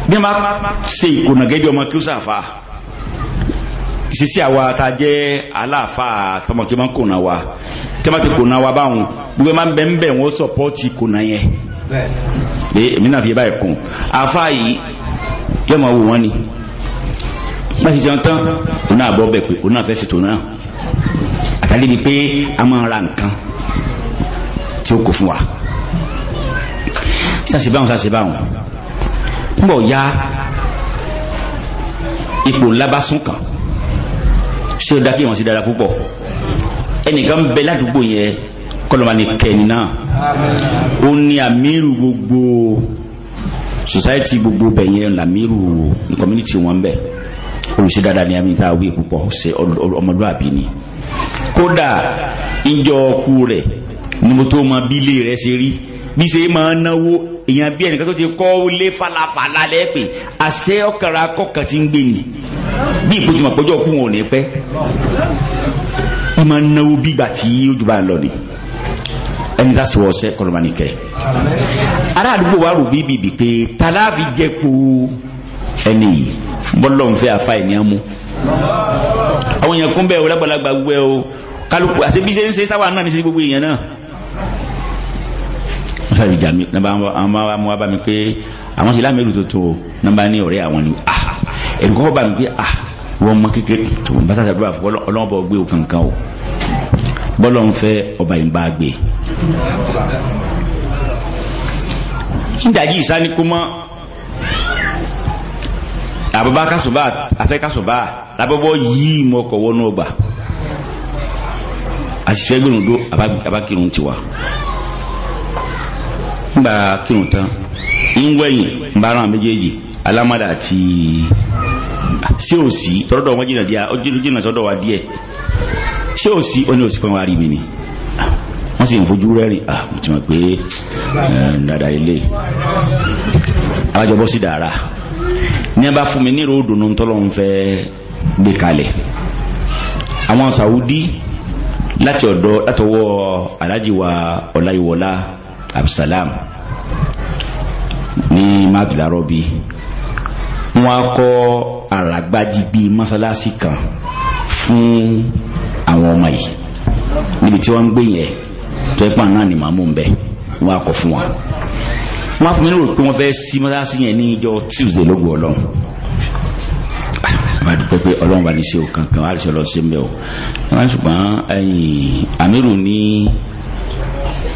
bí wọ́n bá ṣe ìkùnà gẹ́gẹ́ ọmọ kí ó sàfà ìṣesí àwa tá jẹ́ aláàfà tọmọ tí wọ́n kùnà wa tí wọ́n ti kùnà wa báwọn gbogbo máa ń bẹ̀ ń bẹ̀ wọ́n sọ̀pọ́ọ̀tì kùnà yẹn èmi náà fi báyìí kùn àfa yìí yọ̀ọ́ wò wọ́n ni bá ti jẹun tán òun náà bọ́ bẹ̀ pé òun náà fẹ́ ṣètò náà àtàlẹ́ bíi pé a máa ra nǹkan tí ó kò fún wa sàṣìbáhùn sàṣìbáhùn púpọ̀ ya ipò labásún kan ṣé ó dá kí wọ́n sí dára púpọ̀ ẹnìkan bẹ ládùúgbò yẹn kọlọmọlẹ kẹni náà ó ní àmírù gbogbo society gbogbo bẹ̀yẹn làmírù ní community wọn bẹ́ẹ̀ olùsí dáadáa ni àmì tá a wí púpọ̀ ṣe ọmọlúàbí ni kódà ìjọ ọkù rẹ̀ ni mo tó mọ bí ilé rẹ̀ ṣe rí bí ṣe máa náwó èèyàn bí ẹnìkan tó ti kọ́ lé falafala lẹ́pẹ̀ àṣẹ ọkàrà akọ́kàn ti ń gbé ni bí ìpò ti mọ̀ pọ́jọ́ ọkù wọn ò ní pẹ́ wọ́n máa náwó bí ìgbà tí ojú bá ń lọ ni ẹni tá sọ ọsẹ kọlọmọnìkẹ ará àdúgbò wa rò bíbí pé tàlàfi jẹ́ po ẹni yìí bọ́lọ̀ ń fẹ́ àfa ènìyàn mu. àwọn èèyàn kún bẹ́ẹ̀ o lágbàlagbà gbogbo ẹ o kálukú àti bí ṣe ń ṣe sáwà náà ní sí gbogbo èèyàn náà. wọ́n sábà jà mí nàbà àwọn ọmọ wa bá mi pé àwọn ṣe lámẹ́rù tuntun o nàbà ní ọ̀rẹ́ àwọn ni ah, ah, ah ẹ̀rù kọ́kọ́ bá mi pé ah wọ́n mọ kékeré tó ń bá sàṣàdúrà fún ọlọ́mọbọ gbé o kankan o bọ́lọ̀ ń fẹ́ ọba ìbá gbé. ń dàjí àbúbá kásùbá afẹ́ kásùbá lábọ́bọ́ yìí mọ́ ọkọ̀ wọnú ọgbà àṣìṣẹ́ gbìrùndó abákirun tiwa nígbà kírun tán ń wẹ̀yìn ń bá ràn méjèèjì alámàdà àti sí òsì tọ́lọ́dọ̀ wọn jìnà díẹ̀ sọdọ ni sì ń ah mo ti pé ilé eh, ní a bá fún mi ní ìró dùnú tọ́lọ́hún fẹ́ gbé kalẹ̀ àwọn Saudi láti ọ̀dọ̀ látọwọ́ Alhaji wa Ọláyíwọlá Abdulsalam ní madularobi wọn á kọ́ àràgbájígbé mọ́sálásí kan fún àwọn ọmọ yìí níbi tí wọ́n ń gbé yẹn tó ẹ̀ pàǹ náà ni màmú ń bẹ̀ wọn á kọ́ fún wa wọ́n fún mi ní rò pé wọ́n fẹ́ sí mọ́tàsí yẹn ní ìjọ tuesday lógo ọlọ́run bá dúpẹ́ pé ọlọ́run wà ní ṣe òkan kan àríṣẹ́ lọ sí mbẹ́ o wọ́n ṣùgbọ́n amiru ní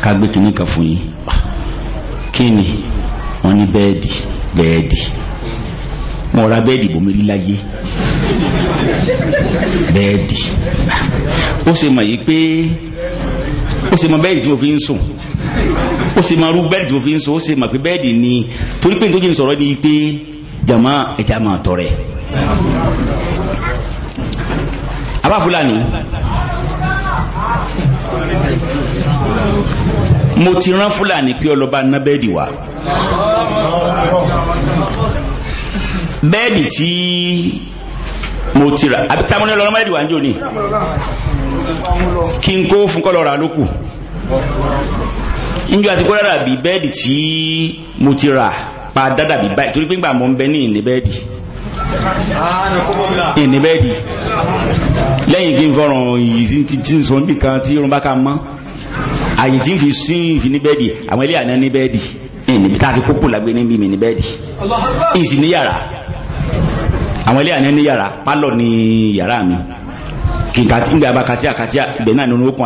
kágbé kìíní kan fún yín kí ni ní bẹ́ẹ̀dì bẹ́ẹ̀dì wọ́n ra bẹ́ẹ̀dì bòmí líláyé bẹ́ẹ̀dì ó ṣe mọ̀ yìí pé ó ṣe mọ̀ bẹ́ẹ̀dì tí mo fi ń sùn ó sì máa rú bẹ́ẹ̀dì tó fi ń sọ ó sì máa pé bẹ́ẹ̀dì ni torí pé nítorí sọ̀rọ̀ ni pé jama ẹja máa tọrẹ. àbá fúlàní mo ti rán fúlàní pé ọlọ́ba ná bẹ́ẹ̀dì wá bẹ́ẹ̀dì tí mo ti rà àbí táwọn ọlọ́run bẹ́ẹ̀dì wá ń jò ní kí n kó fún kọ́ lọ́ra lókù níjọ́ àti kóra dàbí bẹ́ẹ̀dì tí mo ti rà padà dàbí báyìí torí pé ńgbà mo ń bẹ ní ìní bẹ́ẹ̀dì ìní bẹ́ẹ̀dì lẹ́yìn kí n fọ̀rọ̀ yìí tí n sọ nìkan tí irun bá ka mọ́ àyè tí n fi sí fi ní bẹ́ẹ̀dì àwọn ilé àná ní bẹ́ẹ̀dì ìní bí táàfi kókò lágbé níbi mi ní bẹ́ẹ̀dì ìsì ní yàrá àwọn ilé àná ní yàrá pálọ̀ ní yàrá mi kìkàtí ń gbà bá katíà katíà ibẹ̀ náà ní oníwókun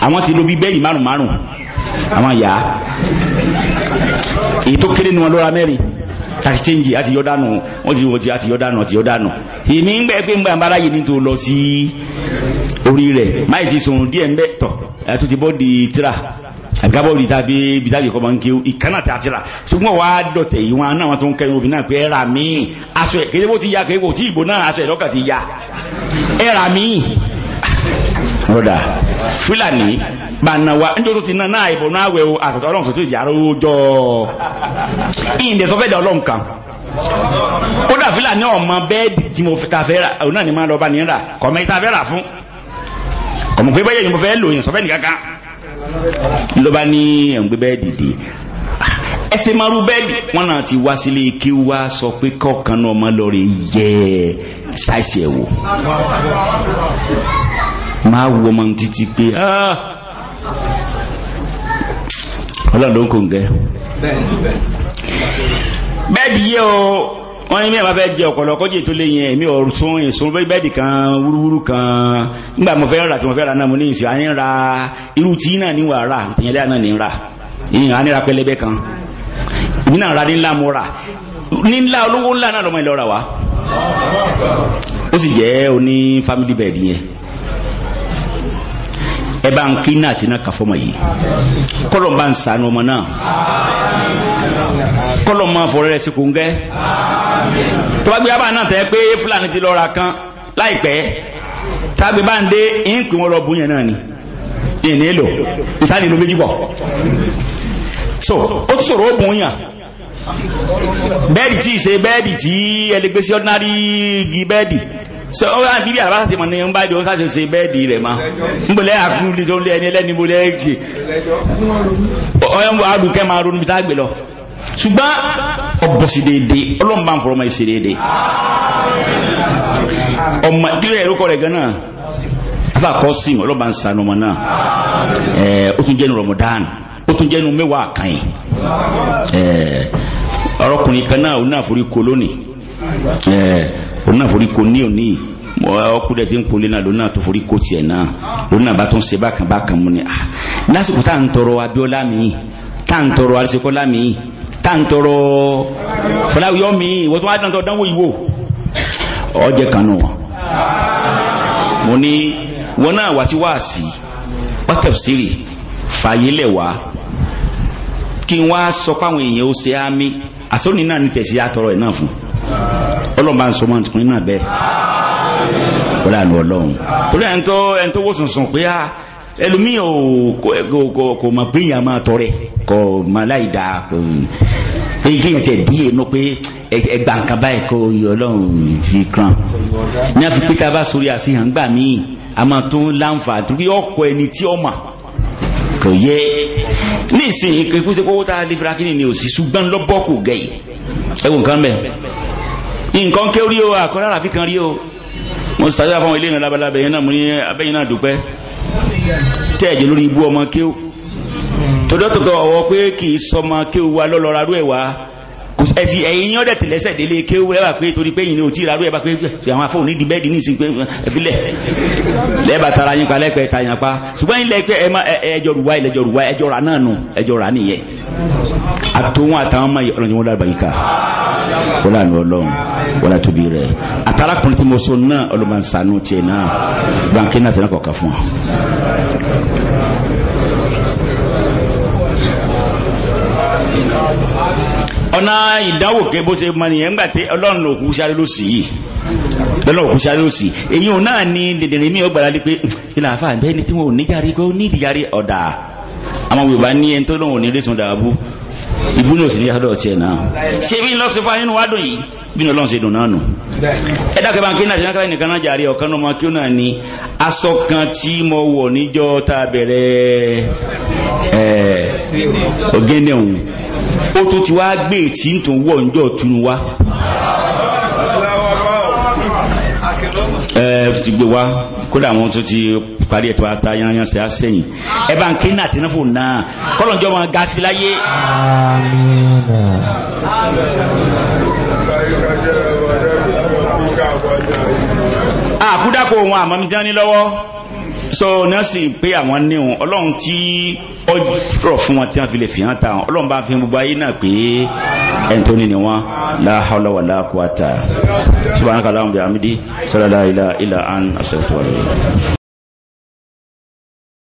àwọn ti lo bí bẹ́ẹ̀lì márùn márùn àwọn yà á èyí tó kéré ni wọn lọ́ra mẹ́rin tàti change àti yọ dànù wọn ti wọ́n ti àti yọ dànù àti yọ dànù èmi ń gbẹ́ pé ń gbà ń bára yìí ní tó lọ sí orí rẹ̀ máyì ti sùn díẹ̀ ń bẹ́ tọ̀ ẹ̀ tó ti bọ́ di tíra àgbàbọ̀ rí tàbí bìtàbí kọ́ máa ń ké ìkànnà tí a ti rà ṣùgbọ́n wà á dọ̀tẹ̀ ìwọ̀n náà wọn tó ń kẹrin obìnrin náà pé ẹ̀rà míì aṣọ ẹ̀ kéde bó ti ya kéde bó ti ìbò náà aṣọ ẹ̀ lọ́kà ti ya ẹ̀rà míì rọ́dà fúlàní bànáwá nítorí ti náà náà ìbọnú àwẹ̀ o àtọ̀tọ̀ ọlọ́run tuntun ìjà àrójọ ìyìndẹ̀ sọfẹ́dà ọlọ́run kan ó dà fúlàní ọmọ bẹ́ẹ̀dì tí mo fi tafẹ́ rà òun náà ni máa lọ bá ní rà kọ̀mọ́ ìta fẹ́ rà fún kọ̀mọ́ pé bẹ́ẹ̀ ni mo fẹ́ lò yẹn sọfẹ́ nìkan ló bá ní ẹ̀ǹgbẹ́ bẹ́ẹ̀dì dì ẹsẹ̀ maru bẹ́ẹ̀dì wọn náà ti wá sílé kí wá sọ pé kọ̀ọ̀kan ọmọ lọ yẹ ṣáìsì ẹ̀ máa wọ ọmọ títí pé ah. ọlọ́run ló ń kò ń gẹ́ bẹ́ẹ̀ bí yé o wọ́n ní mẹ́ẹ̀bá fẹ́ jẹ ọ̀pọ̀lọpọ̀ jẹ́ tó lé yẹn èmi ọ̀rùn sún ìsún bẹ́ẹ̀dì kan wúrúwúrú kan nígbà mo fẹ́ rà tí mo fẹ́ ra. náà mo ní ìsìn àní ra irú tí náà ní wàá rà náà ní rà ìyìn àní ra pẹlẹbẹ kan èmi náà ra ní ńlá mo rà ní ńlá olówó ńlá náà lọ́mọ ìlọ́ra wa ó sì jẹ́ oní family bed yẹn ẹ bá ń kí náà ti náà kà fọmọ yìí kọlọ̀ ń bá ń sànú ọmọ náà kọlọ̀ máa fọ̀rọ̀ rẹ̀ sí kò ń gẹ́ tọ́gbẹ́ abá náà tẹ́ pé fúlàní ti lọ́ra kan láìpẹ́ tágbé bá ń dé ìǹkì wọn lọ bú yẹn náà ni ìní èlò ìsáàlì ló méjì pọ̀ so ó tún sọ̀rọ̀ ó bùn yàn bẹ́ẹ̀dì tí ṣe bẹ́ẹ̀dì tí ẹlẹgbẹ́ sí ordinary igi bẹ́ẹ̀dì so ó rà bíbí àbá ti mọ̀ ní ń ọ jọ ṣe ma ń bọ̀lẹ́ tó ń lé ẹni ẹlẹ́ni mo lẹ́ kì ọ̀yọ́ àdùkẹ́ máa ronú bí tá gbé lọ ṣùgbọ́n ọ̀bọ̀ sí déédéé ọlọ́run bá ń ọmọ déédéé ọmọ ìdílé gan náà sí ó tún jẹ́nu mẹ́wàá kan yìí eh, ọ̀rọ̀kùnrin kan náà òun náà forí ko lónìí eh, òun náà forí ko ní òní ọkùnrin tí ń polé náà lónìí náà tó ko tiẹ̀ náà lónìí náà bá tún ṣe bákan bákan mu ni ah, lásìkò tá à ń tọrọ Abíọ́lá mi tá à ń tọrọ Àrísẹ́kọ́lá mi tá à ń tọrọ Fọláwíyọ̀ mi ìwọ tó wá dáńtọ́ dánwó ìwò ọjẹ́ kan nù wọn mo ní wọn náà wá sí wáàsí wá tẹ̀síìrì fàyè lẹ̀ wá kí n wá sọ páwọn èèyàn ó ṣe á mí àsọ́ni náà ní tẹ̀sí àtọ̀rọ̀ ẹ̀ náà fún ọlọ́run bá ń sọ mọ́ ọkùnrin náà bẹ́ẹ̀ kó láàánú ọlọ́run torí ẹni tó ẹni wò sùnsùn pé ah, ẹlòmíì ò kò mọ̀ pé èèyàn máa tọrẹ kò mọ̀ láì dáa kò èyí kéèyàn tiẹ̀ dí èèyàn pé ẹgbà nǹkan báyìí yọ ọlọ́run yìí kan ní àfi pété a sórí àṣehàn gbà míì a máa tún láǹfà torí ọkọ ẹni tí kò yẹ ní ìsìn ìkẹ́kùsẹ́ kówó tá a lè fira kíni ni ò sí ṣùgbọ́n lọ́bọ́ kò gẹ̀ yìí ẹ wo nǹkan bẹ́ẹ̀ nǹkan rí o àkọ́rẹ́ àràfi kan rí o mo sáré àfọwọ́n ilé ìrìn labalábẹ́ yẹn náà mo ní abẹ́yìn náà dúpẹ́ tẹ́ ẹ̀jẹ̀ lórí ibú ọmọ kéw tọ́jọ́ tó tọ́ ọ̀wọ́ pé kì í sọmọ kéw wa lọ́lọ́ra rú ẹ̀ wá ẹ̀sìn ẹ̀yìn yọ́n dẹ̀ tẹ̀lẹ́sẹ̀ délé ké wọ́n ẹ̀bà pé torí pé yìí ni ò tí ìrarú ẹ̀bà pé àwọn afọ́ òní di bẹ́ẹ̀dì ní ìsìn pé ẹ̀fílẹ̀ lẹ́ẹ̀bà tara yín pa lẹ́pẹ́ ta yín pa ṣùgbọ́n ilẹ̀ pé ẹjọ́ rúwa ẹjọ́ rúwa ẹjọ́ ra náà nù ẹjọ́ ra nìyẹn àtòwọn àtàwọn ọmọ ọlọ́run wọn dàgbà yìí ká wọn lànà ọlọ́run wọn làtò bí rẹ àtàràkùnrin tí mo so náà ọlọ́mọ nsànú tiẹ̀ náà báńkì náà tẹ̀lé kọ̀ọ̀kan fún wa ọ̀nà ìdáwò ké bó ṣe mọ nìyẹn gbà tí ọlọ́run ló kú sáré ló sì yìí lọ́lọ́run kú sáré ló sì èyí òun náà ni dèdèrè mi ò gbàdá di pé ìlà àfa àbẹ́ ni tí wọn ò ní yàrí pé ó ní ìyàrí ọ̀dà àwọn yorùbá ní ẹni tó lóun ò ní lẹ́sùn dàbú ìbú ní òsì ní àdó ọ̀tí ẹ̀ náà ṣé bí lọ́ọ́ sọfọ́ nínú wádùn yìí bí ní ọlọ́run ṣe dùn náà nù. ẹ dákẹ́ bá ń kí ní àtẹnákà nìkan náà jàre ọ̀kan náà mọ kí ó náà ní aṣọ kan tí mo wọ̀ níjọ́ tá a bẹ̀rẹ̀ ọ̀gẹ́dẹ̀ òun ó tún ti wá gbé tí ń tún wọ̀ níjọ́ túnú wá. ẹ tó ti gbé wá kódà àwọn tó ti parí ẹ̀tọ́ ata yanyan ṣe á sẹ́yìn ẹ bá ń ké náà tẹ́ná fò náà kọ́lọ̀njọ́ wọn ga sí láyé. àkúdàkọ̀ ohun àmọ́mídání lọ́wọ́ so nọ́ọ̀sì pé àwọn níhun ọlọ́run tí ó rọ̀ fún wọn tí wọ́n fi lè fi hàn ta ọlọ́run bá fi gbogbo ayé náà pé ẹni tó ní ni wọn la hawla wala quwata subhanaka allahumma bihamdi sọlá ilà ilà an asẹ̀tọ̀